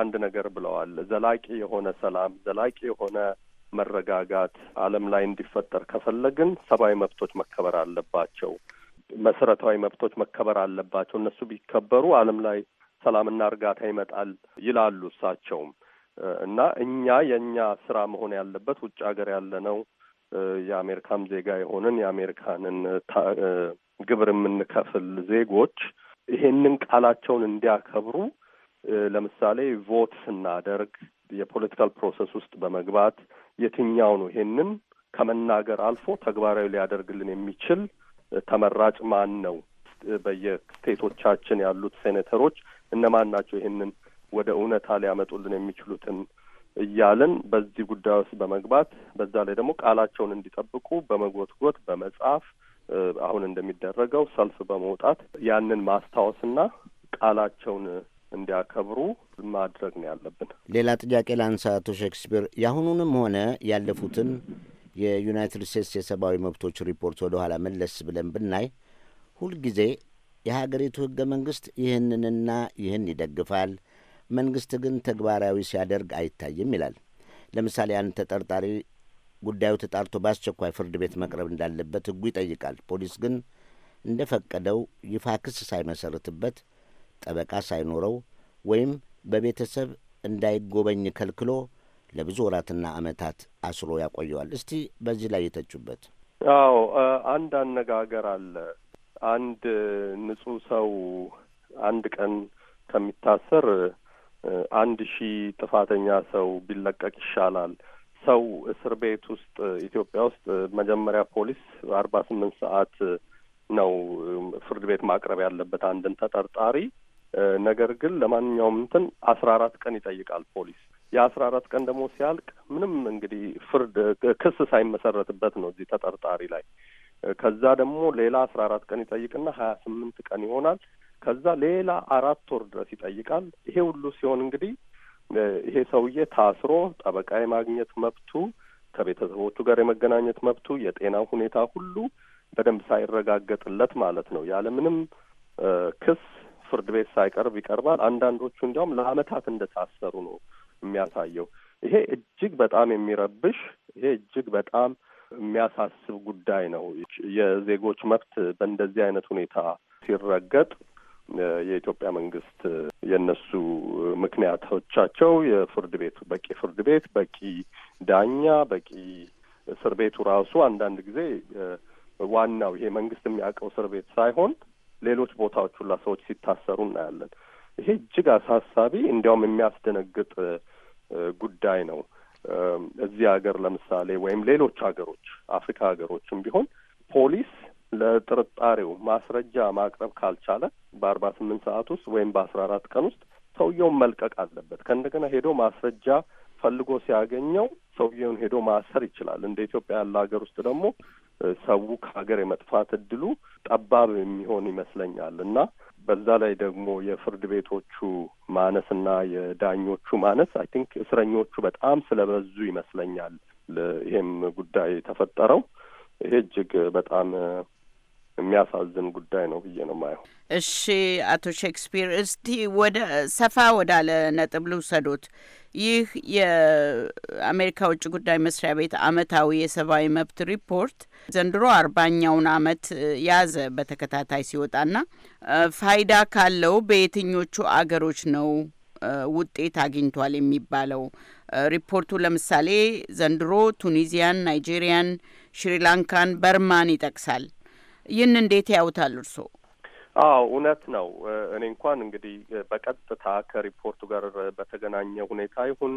አንድ ነገር ብለዋል። ዘላቂ የሆነ ሰላም፣ ዘላቂ የሆነ መረጋጋት ዓለም ላይ እንዲፈጠር ከፈለግን ሰብአዊ መብቶች መከበር አለባቸው። መሰረታዊ መብቶች መከበር አለባቸው። እነሱ ቢከበሩ ዓለም ላይ ሰላምና እርጋታ ይመጣል ይላሉ እሳቸውም እና እኛ የእኛ ስራ መሆን ያለበት ውጭ ሀገር ያለ ነው የአሜሪካም ዜጋ የሆንን የአሜሪካንን ግብር የምንከፍል ዜጎች ይሄንን ቃላቸውን እንዲያከብሩ ለምሳሌ ቮት ስናደርግ የፖለቲካል ፕሮሰስ ውስጥ በመግባት የትኛው ነው ይሄንን ከመናገር አልፎ ተግባራዊ ሊያደርግልን የሚችል ተመራጭ ማን ነው? በየስቴቶቻችን ያሉት ሴኔተሮች እነማን ናቸው? ይሄንን ወደ እውነታ ሊያመጡልን የሚችሉትን እያልን በዚህ ጉዳይ ውስጥ በመግባት በዛ ላይ ደግሞ ቃላቸውን እንዲጠብቁ በመጎትጎት በመጻፍ አሁን እንደሚደረገው ሰልፍ በመውጣት ያንን ማስታወስና ቃላቸውን እንዲያከብሩ ማድረግ ነው ያለብን።
ሌላ ጥያቄ ለአንሳ። አቶ ሼክስፒር የአሁኑንም ሆነ ያለፉትን የዩናይትድ ስቴትስ የሰብአዊ መብቶች ሪፖርት ወደ ኋላ መለስ ብለን ብናይ ሁልጊዜ የሀገሪቱ ህገ መንግስት ይህንንና ይህን ይደግፋል፣ መንግስት ግን ተግባራዊ ሲያደርግ አይታይም ይላል። ለምሳሌ አንድ ተጠርጣሪ ጉዳዩ ተጣርቶ በአስቸኳይ ፍርድ ቤት መቅረብ እንዳለበት ህጉ ይጠይቃል። ፖሊስ ግን እንደፈቀደው ይፋ ክስ ሳይመሰርትበት ጠበቃ ሳይኖረው ወይም በቤተሰብ እንዳይጎበኝ ከልክሎ ለብዙ ወራትና ዓመታት አስሮ ያቆየዋል። እስቲ በዚህ ላይ የተቹበት።
አዎ አንድ አነጋገር አለ። አንድ ንጹህ ሰው አንድ ቀን ከሚታሰር አንድ ሺህ ጥፋተኛ ሰው ቢለቀቅ ይሻላል። ሰው እስር ቤት ውስጥ ኢትዮጵያ ውስጥ መጀመሪያ ፖሊስ አርባ ስምንት ሰዓት ነው ፍርድ ቤት ማቅረብ ያለበት አንድን ተጠርጣሪ ነገር ግን ለማንኛውም እንትን አስራ አራት ቀን ይጠይቃል ፖሊስ። የአስራ አራት ቀን ደግሞ ሲያልቅ ምንም እንግዲህ ፍርድ ክስ ሳይመሰረትበት ነው እዚህ ተጠርጣሪ ላይ። ከዛ ደግሞ ሌላ አስራ አራት ቀን ይጠይቅና ሀያ ስምንት ቀን ይሆናል። ከዛ ሌላ አራት ወር ድረስ ይጠይቃል። ይሄ ሁሉ ሲሆን እንግዲህ ይሄ ሰውዬ ታስሮ ጠበቃ የማግኘት መብቱ፣ ከቤተሰቦቹ ጋር የመገናኘት መብቱ፣ የጤና ሁኔታ ሁሉ በደንብ ሳይረጋገጥለት ማለት ነው ያለምንም ክስ ፍርድ ቤት ሳይቀርብ ይቀርባል። አንዳንዶቹ እንዲያውም ለአመታት እንደታሰሩ ነው የሚያሳየው። ይሄ እጅግ በጣም የሚረብሽ ይሄ እጅግ በጣም የሚያሳስብ ጉዳይ ነው። የዜጎች መብት በእንደዚህ አይነት ሁኔታ ሲረገጥ የኢትዮጵያ መንግስት የእነሱ ምክንያቶቻቸው የፍርድ ቤቱ በቂ ፍርድ ቤት፣ በቂ ዳኛ፣ በቂ እስር ቤቱ ራሱ አንዳንድ ጊዜ ዋናው ይሄ መንግስት የሚያውቀው እስር ቤት ሳይሆን ሌሎች ቦታዎች ሁላ ሰዎች ሲታሰሩ እናያለን። ይሄ እጅግ አሳሳቢ እንዲያውም የሚያስደነግጥ ጉዳይ ነው። እዚህ ሀገር ለምሳሌ ወይም ሌሎች ሀገሮች አፍሪካ ሀገሮችም ቢሆን ፖሊስ ለጥርጣሬው ማስረጃ ማቅረብ ካልቻለ በአርባ ስምንት ሰዓት ውስጥ ወይም በአስራ አራት ቀን ውስጥ ሰውየውን መልቀቅ አለበት። ከእንደገና ሄዶ ማስረጃ ፈልጎ ሲያገኘው ሰውየውን ሄዶ ማሰር ይችላል። እንደ ኢትዮጵያ ያለ ሀገር ውስጥ ደግሞ ሰው ከሀገር የመጥፋት እድሉ ጠባብ የሚሆን ይመስለኛል እና በዛ ላይ ደግሞ የፍርድ ቤቶቹ ማነስና የዳኞቹ ማነስ አይ ቲንክ እስረኞቹ በጣም ስለበዙ ይመስለኛል ይሄም ጉዳይ የተፈጠረው። ይሄ እጅግ በጣም የሚያሳዝን ጉዳይ ነው ብዬ ነው ማየው። እሺ
አቶ ሼክስፒር እስቲ ወደ ሰፋ ወዳለ ነጥብ ልውሰዶት። ይህ የአሜሪካ ውጭ ጉዳይ መስሪያ ቤት አመታዊ የሰብአዊ መብት ሪፖርት ዘንድሮ አርባኛውን አመት ያዘ በተከታታይ ሲወጣና ፋይዳ ካለው በየትኞቹ አገሮች ነው ውጤት አግኝቷል የሚባለው? ሪፖርቱ ለምሳሌ ዘንድሮ ቱኒዚያን፣ ናይጄሪያን፣ ሽሪላንካን፣ በርማን ይጠቅሳል። ይህን እንዴት ያውታል እርስዎ?
አዎ እውነት ነው። እኔ እንኳን እንግዲህ በቀጥታ ከሪፖርቱ ጋር በተገናኘ ሁኔታ ይሁን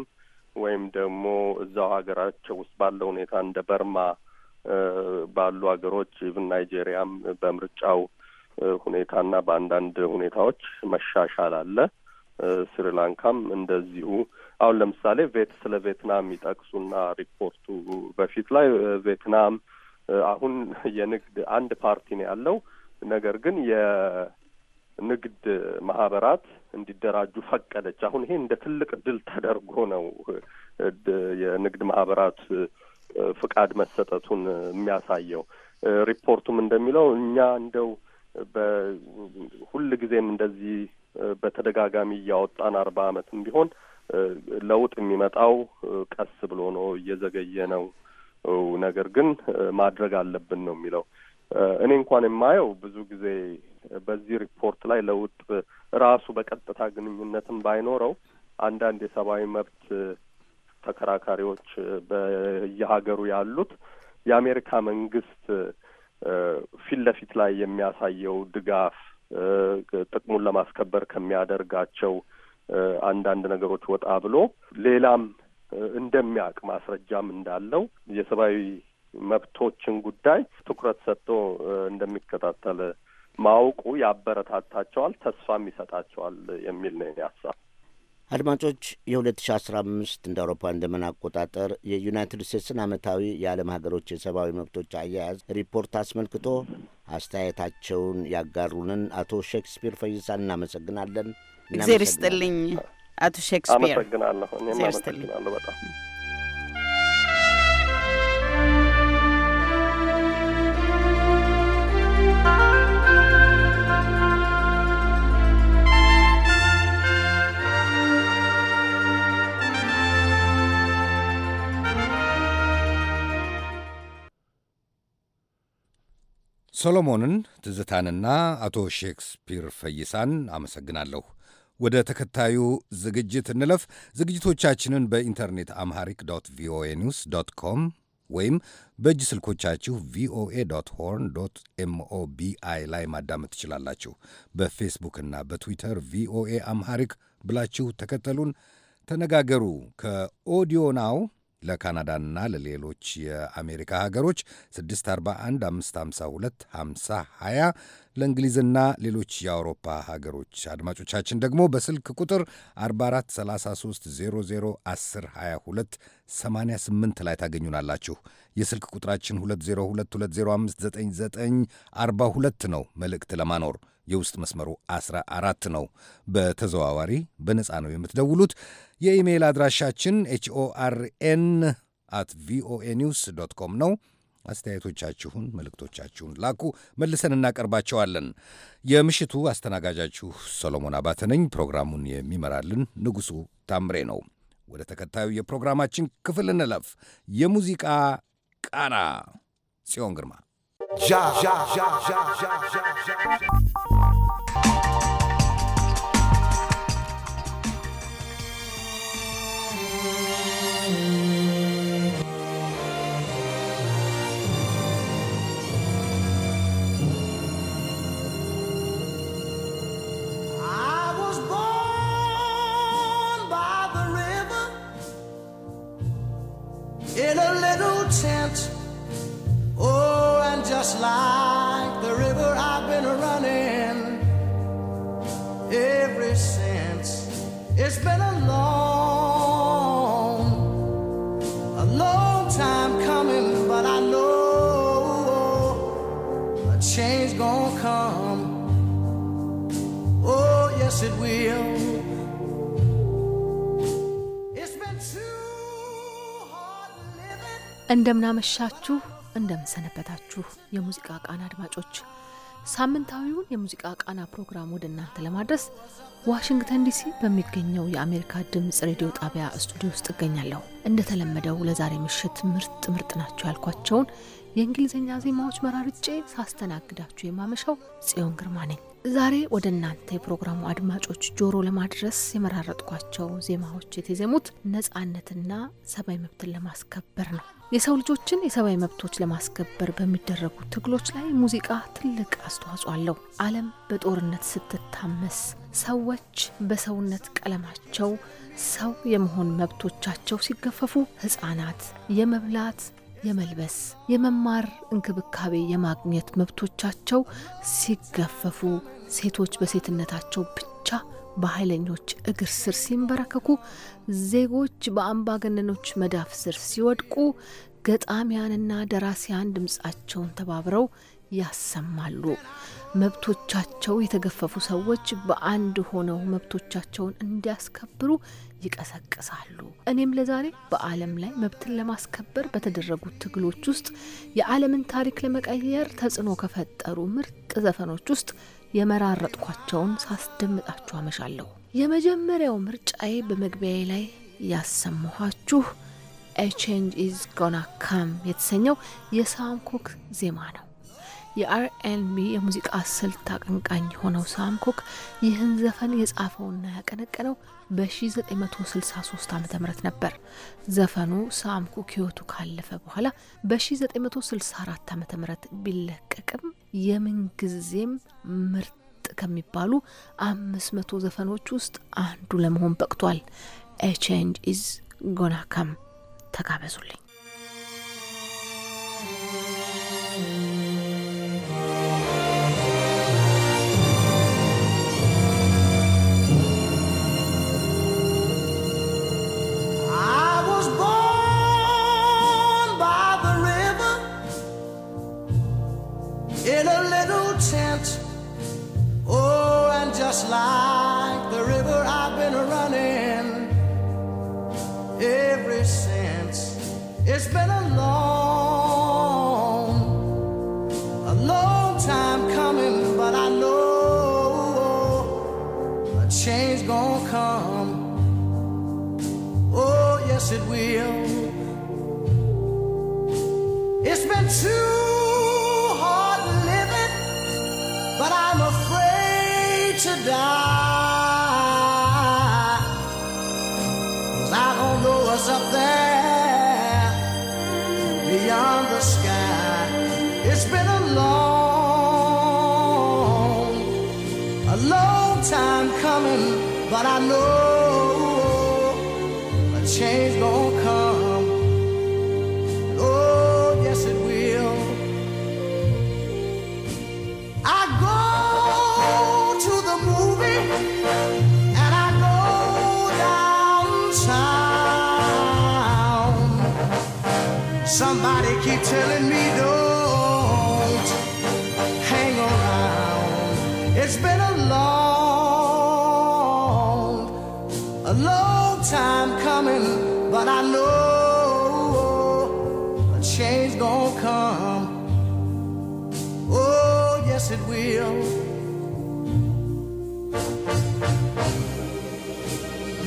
ወይም ደግሞ እዛው ሀገራቸው ውስጥ ባለው ሁኔታ እንደ በርማ ባሉ ሀገሮች ኢቭን ናይጄሪያም በምርጫው ሁኔታና በአንዳንድ ሁኔታዎች መሻሻል አለ። ስሪላንካም እንደዚሁ። አሁን ለምሳሌ ቬት ስለ ቬትናም ይጠቅሱና ሪፖርቱ በፊት ላይ ቬትናም አሁን የንግድ አንድ ፓርቲ ነው ያለው። ነገር ግን የንግድ ማህበራት እንዲደራጁ ፈቀደች። አሁን ይሄ እንደ ትልቅ ድል ተደርጎ ነው የንግድ ማህበራት ፍቃድ መሰጠቱን የሚያሳየው። ሪፖርቱም እንደሚለው እኛ እንደው በሁል ጊዜም እንደዚህ በተደጋጋሚ እያወጣን አርባ ዓመትም ቢሆን ለውጥ የሚመጣው ቀስ ብሎ ነው፣ እየዘገየ ነው ነገር ግን ማድረግ አለብን ነው የሚለው። እኔ እንኳን የማየው ብዙ ጊዜ በዚህ ሪፖርት ላይ ለውጥ ራሱ በቀጥታ ግንኙነትም ባይኖረው አንዳንድ የሰብአዊ መብት ተከራካሪዎች በየሀገሩ ያሉት የአሜሪካ መንግስት ፊት ለፊት ላይ የሚያሳየው ድጋፍ ጥቅሙን ለማስከበር ከሚያደርጋቸው አንዳንድ ነገሮች ወጣ ብሎ ሌላም እንደሚያውቅ ማስረጃም እንዳለው የሰብአዊ መብቶችን ጉዳይ ትኩረት ሰጥቶ እንደሚከታተል ማወቁ ያበረታታቸዋል፣ ተስፋም ይሰጣቸዋል የሚል ነው ሀሳብ።
አድማጮች የ2015 እንደ አውሮፓውያን እንደምን አቆጣጠር የዩናይትድ ስቴትስን ዓመታዊ የዓለም ሀገሮች የሰብአዊ መብቶች አያያዝ ሪፖርት አስመልክቶ አስተያየታቸውን ያጋሩንን አቶ ሼክስፒር ፈይሳ እናመሰግናለን። እግዜር ይስጥልኝ።
አቶ ሼክስፒር አመሰግናለሁ። እኔም አመሰግናለሁ
በጣም
ሶሎሞንን ትዝታንና አቶ ሼክስፒር ፈይሳን አመሰግናለሁ። ወደ ተከታዩ ዝግጅት እንለፍ። ዝግጅቶቻችንን በኢንተርኔት አምሃሪክ ዶት ቪኦኤ ኒውስ ዶት ኮም ወይም በእጅ ስልኮቻችሁ ቪኦኤ ዶት ሆርን ዶት ኤምኦቢአይ ላይ ማዳመጥ ትችላላችሁ። በፌስቡክና በትዊተር ቪኦኤ አምሃሪክ ብላችሁ ተከተሉን፣ ተነጋገሩ። ከኦዲዮ ናው ለካናዳና ለሌሎች የአሜሪካ ሀገሮች 641 552 5020 ለእንግሊዝና ሌሎች የአውሮፓ ሀገሮች አድማጮቻችን ደግሞ በስልክ ቁጥር 4433001022 88 ላይ ታገኙናላችሁ። የስልክ ቁጥራችን 2022059942 ነው መልእክት ለማኖር የውስጥ መስመሩ 14 ነው። በተዘዋዋሪ በነፃ ነው የምትደውሉት። የኢሜይል አድራሻችን ኤችኦአርኤን አት ቪኦኤ ኒውስ ዶት ኮም ነው። አስተያየቶቻችሁን፣ መልእክቶቻችሁን ላኩ፣ መልሰን እናቀርባቸዋለን። የምሽቱ አስተናጋጃችሁ ሰሎሞን አባተ ነኝ። ፕሮግራሙን የሚመራልን ንጉሡ ታምሬ ነው። ወደ ተከታዩ የፕሮግራማችን ክፍል እንለፍ። የሙዚቃ ቃና ጽዮን ግርማ
tent. Oh, and just like the river, I've been running ever since. It's been a long, a long time coming, but I know a change gonna come. Oh, yes, it will.
እንደምናመሻችሁ እንደምንሰነበታችሁ የሙዚቃ ቃና አድማጮች፣ ሳምንታዊውን የሙዚቃ ቃና ፕሮግራም ወደ እናንተ ለማድረስ ዋሽንግተን ዲሲ በሚገኘው የአሜሪካ ድምፅ ሬዲዮ ጣቢያ ስቱዲዮ ውስጥ እገኛለሁ። እንደተለመደው ለዛሬ ምሽት ምርጥ ምርጥ ናቸው ያልኳቸውን የእንግሊዝኛ ዜማዎች መራርጬ ሳስተናግዳችሁ የማመሻው ጽዮን ግርማ ነኝ። ዛሬ ወደ እናንተ የፕሮግራሙ አድማጮች ጆሮ ለማድረስ የመራረጥኳቸው ዜማዎች የተዜሙት ነጻነትና ሰብአዊ መብትን ለማስከበር ነው። የሰው ልጆችን የሰብአዊ መብቶች ለማስከበር በሚደረጉ ትግሎች ላይ ሙዚቃ ትልቅ አስተዋጽኦ አለው። ዓለም በጦርነት ስትታመስ፣ ሰዎች በሰውነት ቀለማቸው ሰው የመሆን መብቶቻቸው ሲገፈፉ፣ ሕፃናት የመብላት የመልበስ የመማር እንክብካቤ የማግኘት መብቶቻቸው ሲገፈፉ፣ ሴቶች በሴትነታቸው ብቻ በኃይለኞች እግር ስር ሲንበረከኩ፣ ዜጎች በአምባገነኖች መዳፍ ስር ሲወድቁ፣ ገጣሚያንና ደራሲያን ድምፃቸውን ተባብረው ያሰማሉ። መብቶቻቸው የተገፈፉ ሰዎች በአንድ ሆነው መብቶቻቸውን እንዲያስከብሩ ይቀሰቅሳሉ። እኔም ለዛሬ በዓለም ላይ መብትን ለማስከበር በተደረጉት ትግሎች ውስጥ የዓለምን ታሪክ ለመቀየር ተጽዕኖ ከፈጠሩ ምርጥ ዘፈኖች ውስጥ የመራረጥኳቸውን ሳስደምጣችሁ አመሻለሁ። የመጀመሪያው ምርጫዬ በመግቢያዬ ላይ ያሰማኋችሁ ኤ ኢዝ ጎና ካም የተሰኘው የሳምኮክ ዜማ ነው። የአርኤንቢ የሙዚቃ ስልት አቀንቃኝ የሆነው ሳምኮክ ይህን ዘፈን የጻፈውና ያቀነቀነው በ1963 ዓ ም ነበር። ዘፈኑ ሳምኩ ኪዮቱ ካለፈ በኋላ በ1964 ዓ ም ቢለቀቅም የምንጊዜም ምርጥ ከሚባሉ 500 ዘፈኖች ውስጥ አንዱ ለመሆን በቅቷል። ኤ ቼንጅ ኢዝ ጎና ካም ተጋበዙልኝ።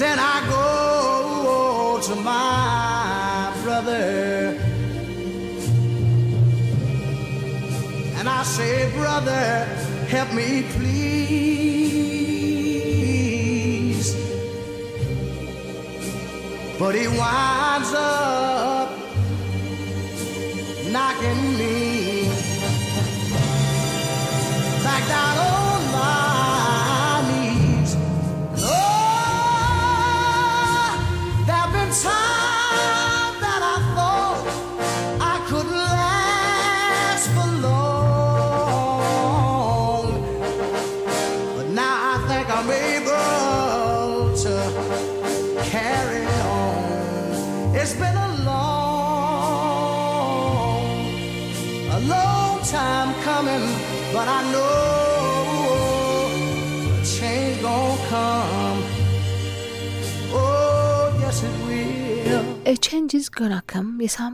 Then I go to my brother and I say, Brother, help me, please. But he winds up knocking me.
እንጂ ዝገና ከም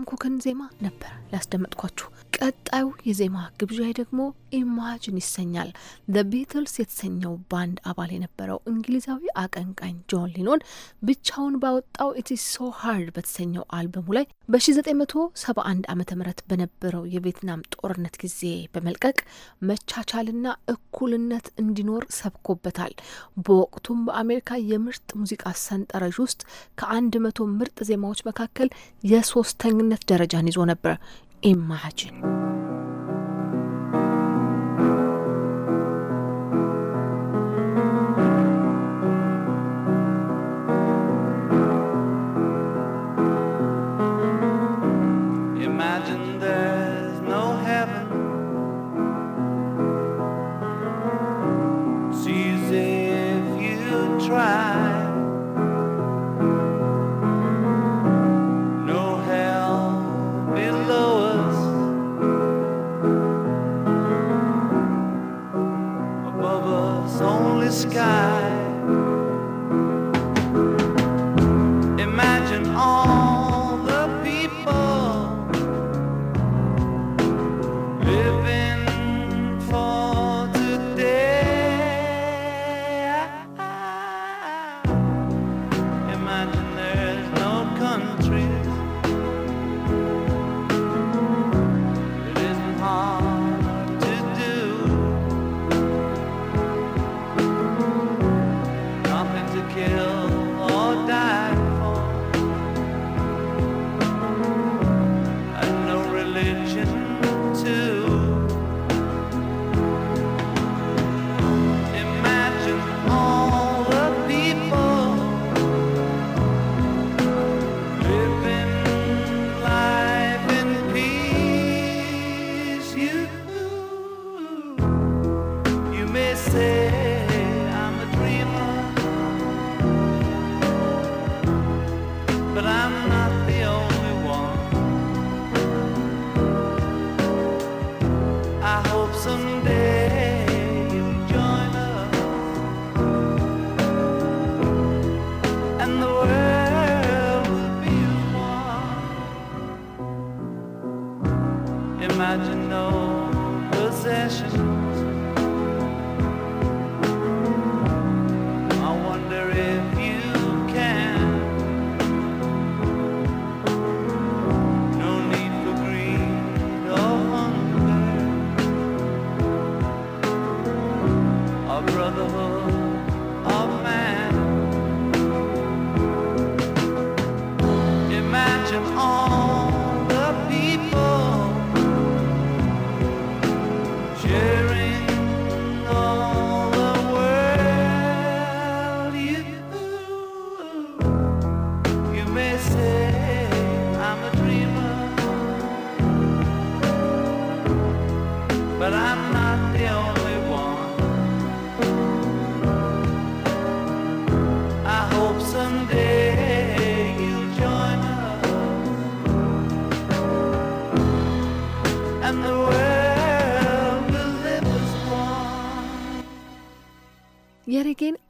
ኩክን ዜማ ነበር ያስደመጥኳችሁ። ቀጣዩ የዜማ ግብዣይ ደግሞ ኢማጅን ይሰኛል። ዘ ቢትልስ የተሰኘው ባንድ አባል የነበረው እንግሊዛዊ አቀንቃኝ ጆን ሊኖን ብቻውን ባወጣው ኢቲ ሶ ሃርድ በተሰኘው አልበሙ ላይ በ1971 ዓ ም በነበረው የቬትናም ጦርነት ጊዜ በመልቀቅ መቻቻልና እኩልነት እንዲኖር ሰብኮበታል። በወቅቱም በአሜሪካ የምርጥ ሙዚቃ ሰንጠረዥ ውስጥ ከአንድ መቶ ምርጥ ዜማዎች መካከል የሶስተኝነት ደረጃን ይዞ ነበር። imagine.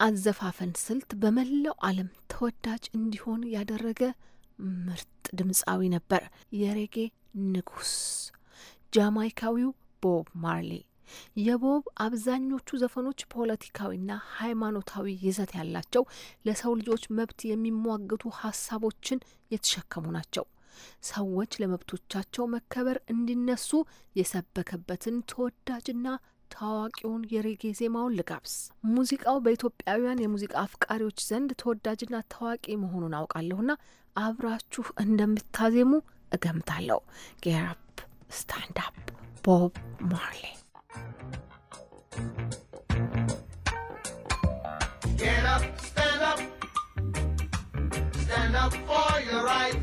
አዘፋፈን ስልት በመላው ዓለም ተወዳጅ እንዲሆን ያደረገ ምርጥ ድምፃዊ ነበር። የሬጌ ንጉስ ጃማይካዊው ቦብ ማርሊ። የቦብ አብዛኞቹ ዘፈኖች ፖለቲካዊና ሃይማኖታዊ ይዘት ያላቸው፣ ለሰው ልጆች መብት የሚሟገቱ ሀሳቦችን የተሸከሙ ናቸው። ሰዎች ለመብቶቻቸው መከበር እንዲነሱ የሰበከበትን ተወዳጅና ታዋቂውን የሬጌ ዜማውን ልጋብስ። ሙዚቃው በኢትዮጵያውያን የሙዚቃ አፍቃሪዎች ዘንድ ተወዳጅና ታዋቂ መሆኑን አውቃለሁና አብራችሁ እንደምታዜሙ እገምታለሁ። ጌራፕ ስታንዳፕ ቦብ ማርሌ
Get up, stand up, stand up for your right.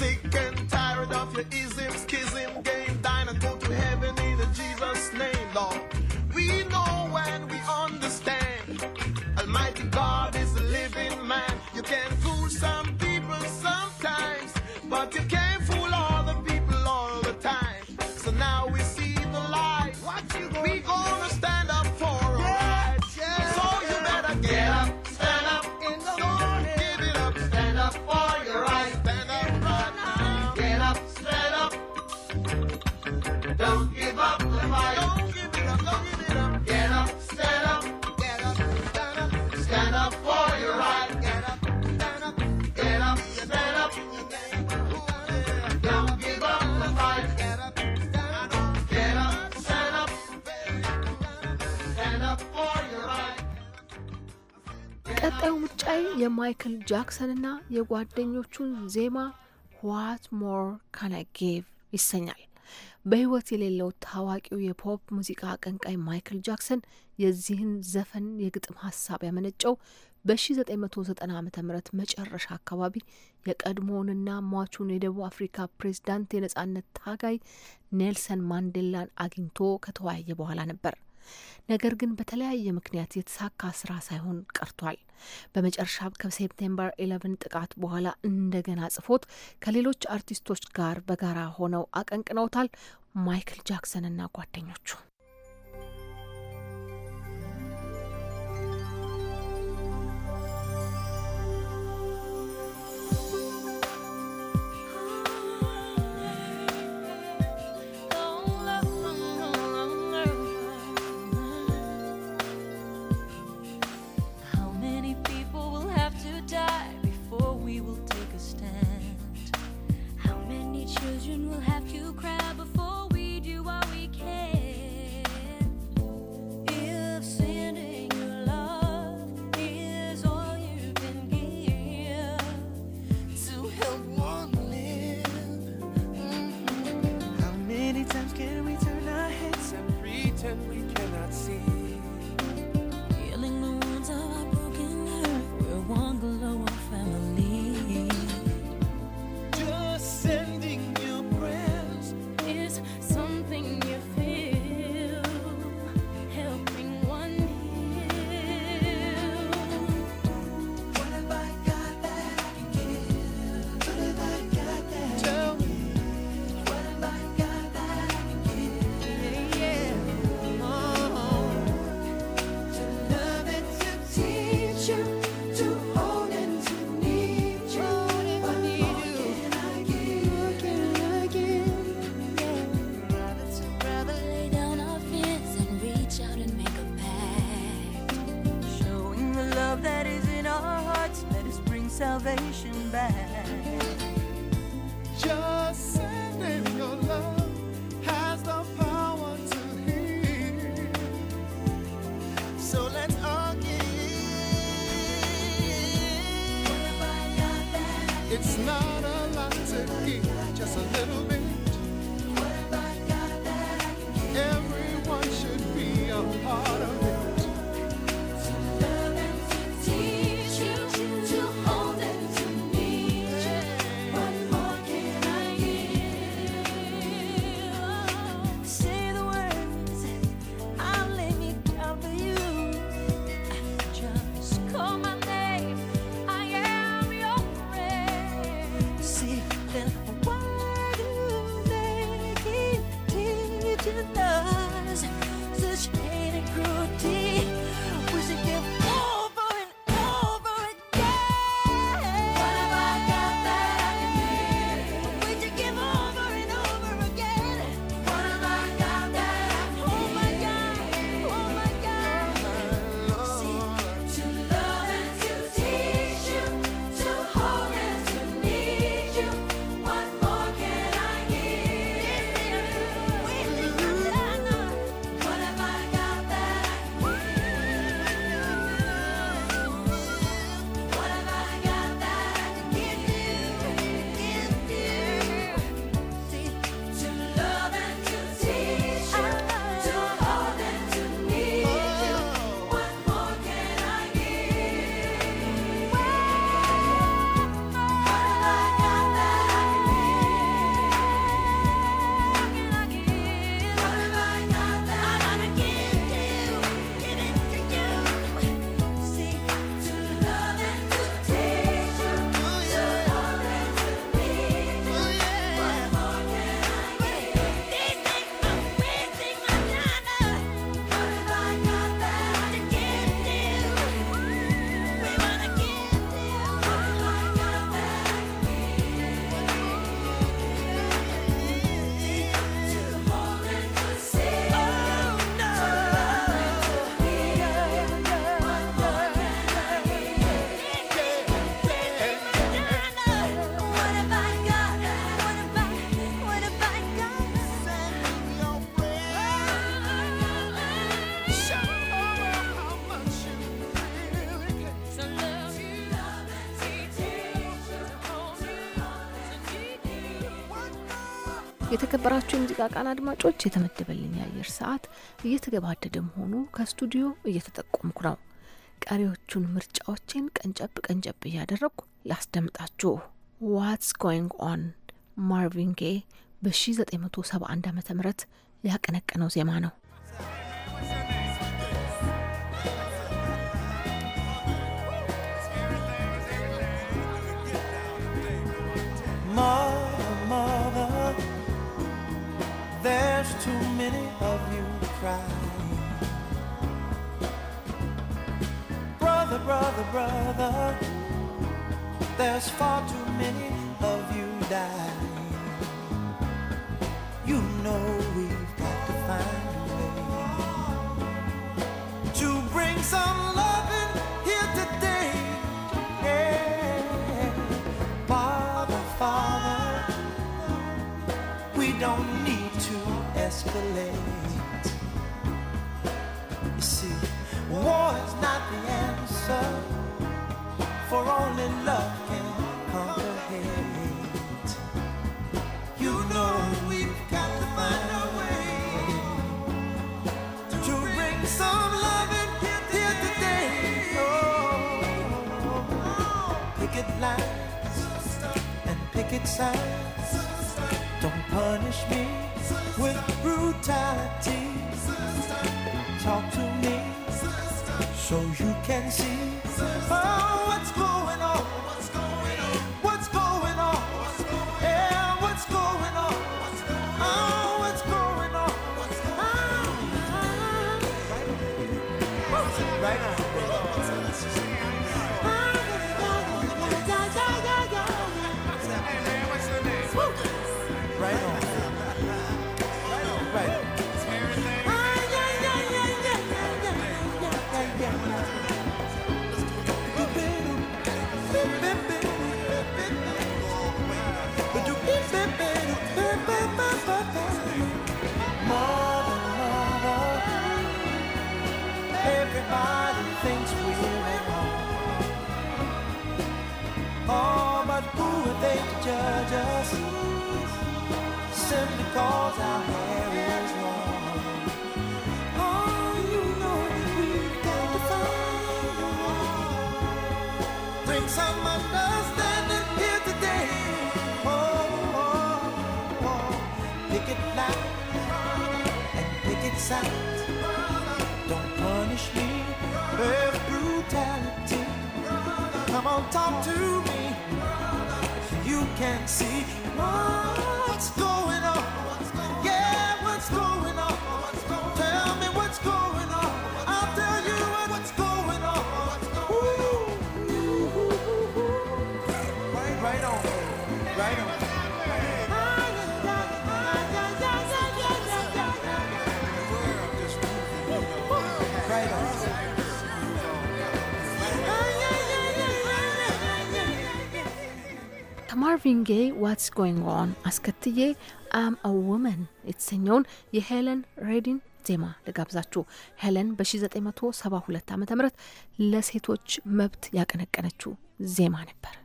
sick and tired of your ism, schism game.
ቀጣይ የማይክል ጃክሰንና የጓደኞቹን ዜማ ዋት ሞር ካን አይ ጊቭ ይሰኛል። በህይወት የሌለው ታዋቂው የፖፕ ሙዚቃ አቀንቃይ ማይክል ጃክሰን የዚህን ዘፈን የግጥም ሀሳብ ያመነጨው በ1990 ዓ ም መጨረሻ አካባቢ የቀድሞውንና ሟቹን የደቡብ አፍሪካ ፕሬዝዳንት የነጻነት ታጋይ ኔልሰን ማንዴላን አግኝቶ ከተወያየ በኋላ ነበር። ነገር ግን በተለያየ ምክንያት የተሳካ ስራ ሳይሆን ቀርቷል። በመጨረሻ ከሴፕቴምበር 11 ጥቃት በኋላ እንደገና ጽፎት ከሌሎች አርቲስቶች ጋር በጋራ ሆነው አቀንቅነውታል ማይክል ጃክሰን እና ጓደኞቹ የተከበራችሁ የሙዚቃ ቃና አድማጮች የተመደበልኝ የአየር ሰዓት እየተገባደደ መሆኑ ከስቱዲዮ እየተጠቆምኩ ነው። ቀሪዎቹን ምርጫዎቼን ቀንጨብ ቀንጨብ እያደረግኩ ላስደምጣችሁ። ዋትስ ጎይንግ ኦን ማርቪን ጌ በ1971 ዓ ም ያቀነቀነው ዜማ ነው።
Oh brother, brother, there's far too many of you dying. You know we've got to find a way to bring some loving here today. Yeah. Father, Father, we don't need to escalate. You see, war is not the answer answer, for only love can conquer hate. You know we've got to find a way to, bring, some love in here, here today. Oh, picket lines and picket signs. Don't punish me with brutality. Talk to me so you can see oh, what's going Everybody thinks we're at home. Oh, but who are they to judge us? Simply cause our hair is long. Oh, you know we've got to find Bring some understanding here today. Oh, oh, oh. oh. Pick it loud and pick it sound brutality. Come on, talk to me. You can see what's going on. Yeah, what's going on? Tell me what's going on. I'll tell you what's going on. right on. Right
on. Right on. ከማርቪን ጌ ዋትስ ጎይንግ ኦን አስከትዬ አም አ ውመን የተሰኘውን የሄለን ሬዲን ዜማ ልጋብዛችሁ። ሄለን በ1972 ዓ ም ለሴቶች መብት ያቀነቀነችው ዜማ ነበር።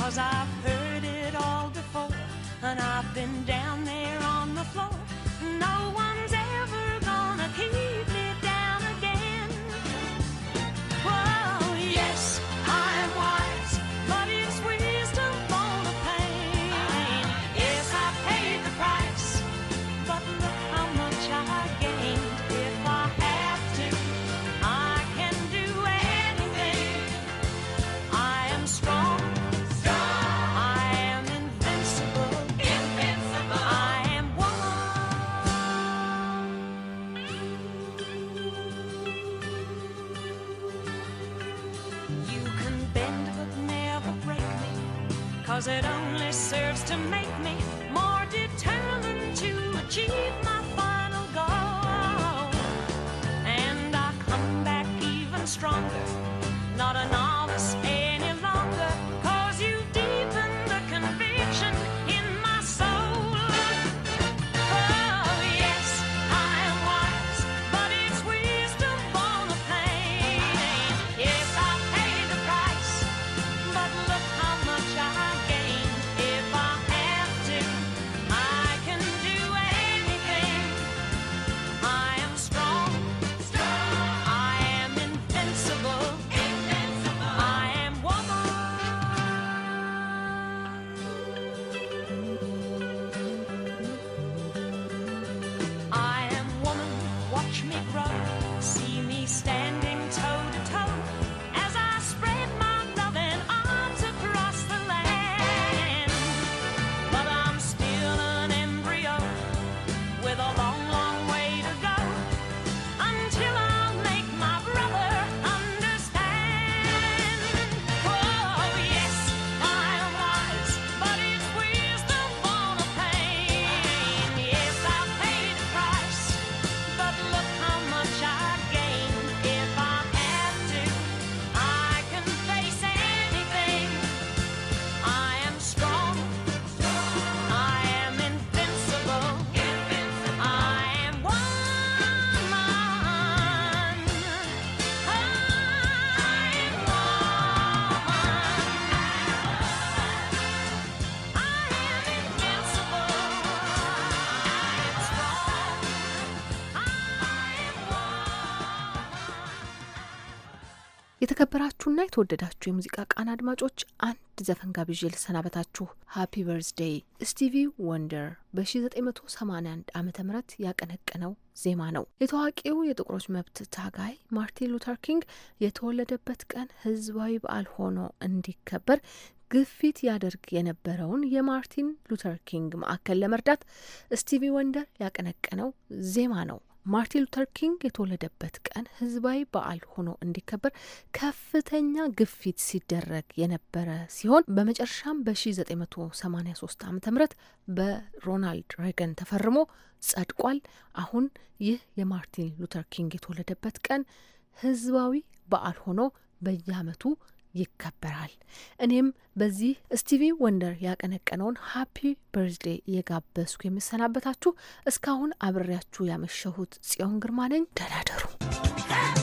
Cause I've Cause it all
ሰላምና የተወደዳችሁ የሙዚቃ ቃና አድማጮች አንድ ዘፈን ጋብዤ ልሰናበታችሁ። ሃፒ በርዝዴይ ስቲቪ ወንደር በ1981 ዓ ም ያቀነቀነው ዜማ ነው። የታዋቂው የጥቁሮች መብት ታጋይ ማርቲን ሉተር ኪንግ የተወለደበት ቀን ህዝባዊ በዓል ሆኖ እንዲከበር ግፊት ያደርግ የነበረውን የማርቲን ሉተር ኪንግ ማዕከል ለመርዳት ስቲቪ ወንደር ያቀነቀነው ዜማ ነው። ማርቲን ሉተር ኪንግ የተወለደበት ቀን ህዝባዊ በዓል ሆኖ እንዲከበር ከፍተኛ ግፊት ሲደረግ የነበረ ሲሆን በመጨረሻም በ1983 ዓ ም በሮናልድ ሬገን ተፈርሞ ጸድቋል። አሁን ይህ የማርቲን ሉተር ኪንግ የተወለደበት ቀን ህዝባዊ በዓል ሆኖ በየአመቱ። ይከበራል። እኔም በዚህ ስቲቪ ወንደር ያቀነቀነውን ሀፒ በርዝዴ እየጋበዝኩ የምሰናበታችሁ እስካሁን አብሬያችሁ ያመሸሁት ጽዮን ግርማ ነኝ። ደህና
ደሩ።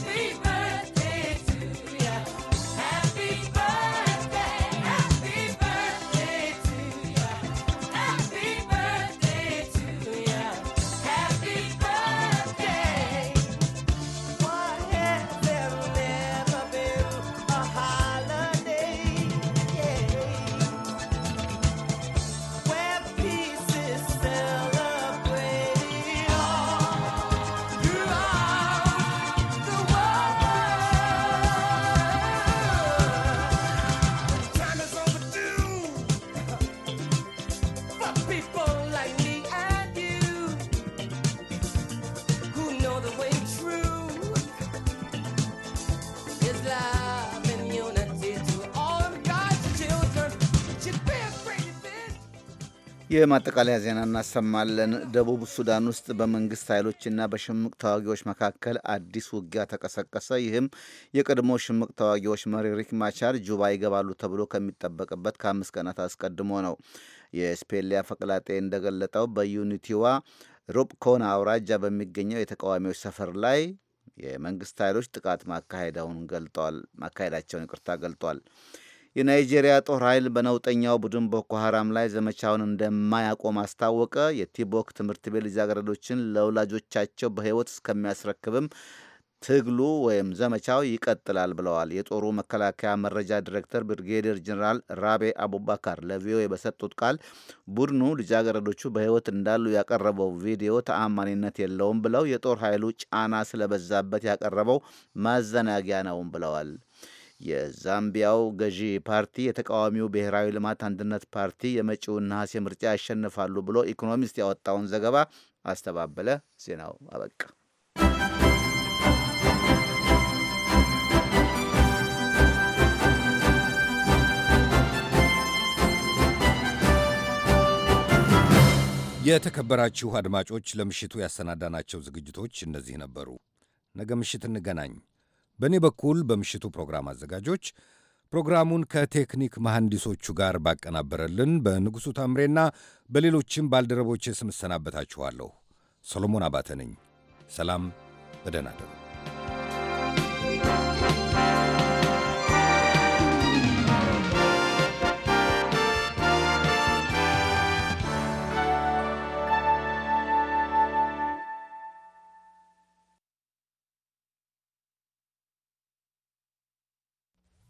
የማጠቃለያ ዜና እናሰማለን። ደቡብ ሱዳን ውስጥ በመንግስት ኃይሎችና በሽምቅ ተዋጊዎች መካከል አዲስ ውጊያ ተቀሰቀሰ። ይህም የቀድሞ ሽምቅ ተዋጊዎች መሪ ሪክ ማቻር ጁባ ይገባሉ ተብሎ ከሚጠበቅበት ከአምስት ቀናት አስቀድሞ ነው። የስፔሊያ ፈቅላጤ እንደገለጠው በዩኒቲዋ ሮብኮና አውራጃ በሚገኘው የተቃዋሚዎች ሰፈር ላይ የመንግስት ኃይሎች ጥቃት ማካሄዳቸውን ገልጧል። የናይጄሪያ ጦር ኃይል በነውጠኛው ቡድን ቦኮ ሐራም ላይ ዘመቻውን እንደማያቆም አስታወቀ። የቲቦክ ትምህርት ቤት ልጃገረዶችን ለወላጆቻቸው በሕይወት እስከሚያስረክብም ትግሉ ወይም ዘመቻው ይቀጥላል ብለዋል። የጦሩ መከላከያ መረጃ ዲሬክተር ብርጌዲየር ጀኔራል ራቤ አቡባካር ለቪኦኤ በሰጡት ቃል ቡድኑ ልጃገረዶቹ በሕይወት እንዳሉ ያቀረበው ቪዲዮ ተአማኒነት የለውም ብለው የጦር ኃይሉ ጫና ስለበዛበት ያቀረበው ማዘናጊያ ነውም ብለዋል። የዛምቢያው ገዢ ፓርቲ የተቃዋሚው ብሔራዊ ልማት አንድነት ፓርቲ የመጪውን ነሐሴ ምርጫ ያሸንፋሉ ብሎ ኢኮኖሚስት ያወጣውን ዘገባ አስተባበለ። ዜናው አበቃ።
የተከበራችሁ አድማጮች ለምሽቱ ያሰናዳናቸው ዝግጅቶች እነዚህ ነበሩ። ነገ ምሽት እንገናኝ። በእኔ በኩል በምሽቱ ፕሮግራም አዘጋጆች ፕሮግራሙን ከቴክኒክ መሐንዲሶቹ ጋር ባቀናበረልን በንጉሡ ታምሬና በሌሎችም ባልደረቦች ስም እሰናበታችኋለሁ። ሰሎሞን አባተ ነኝ። ሰላም፣ በደህና እደሩ።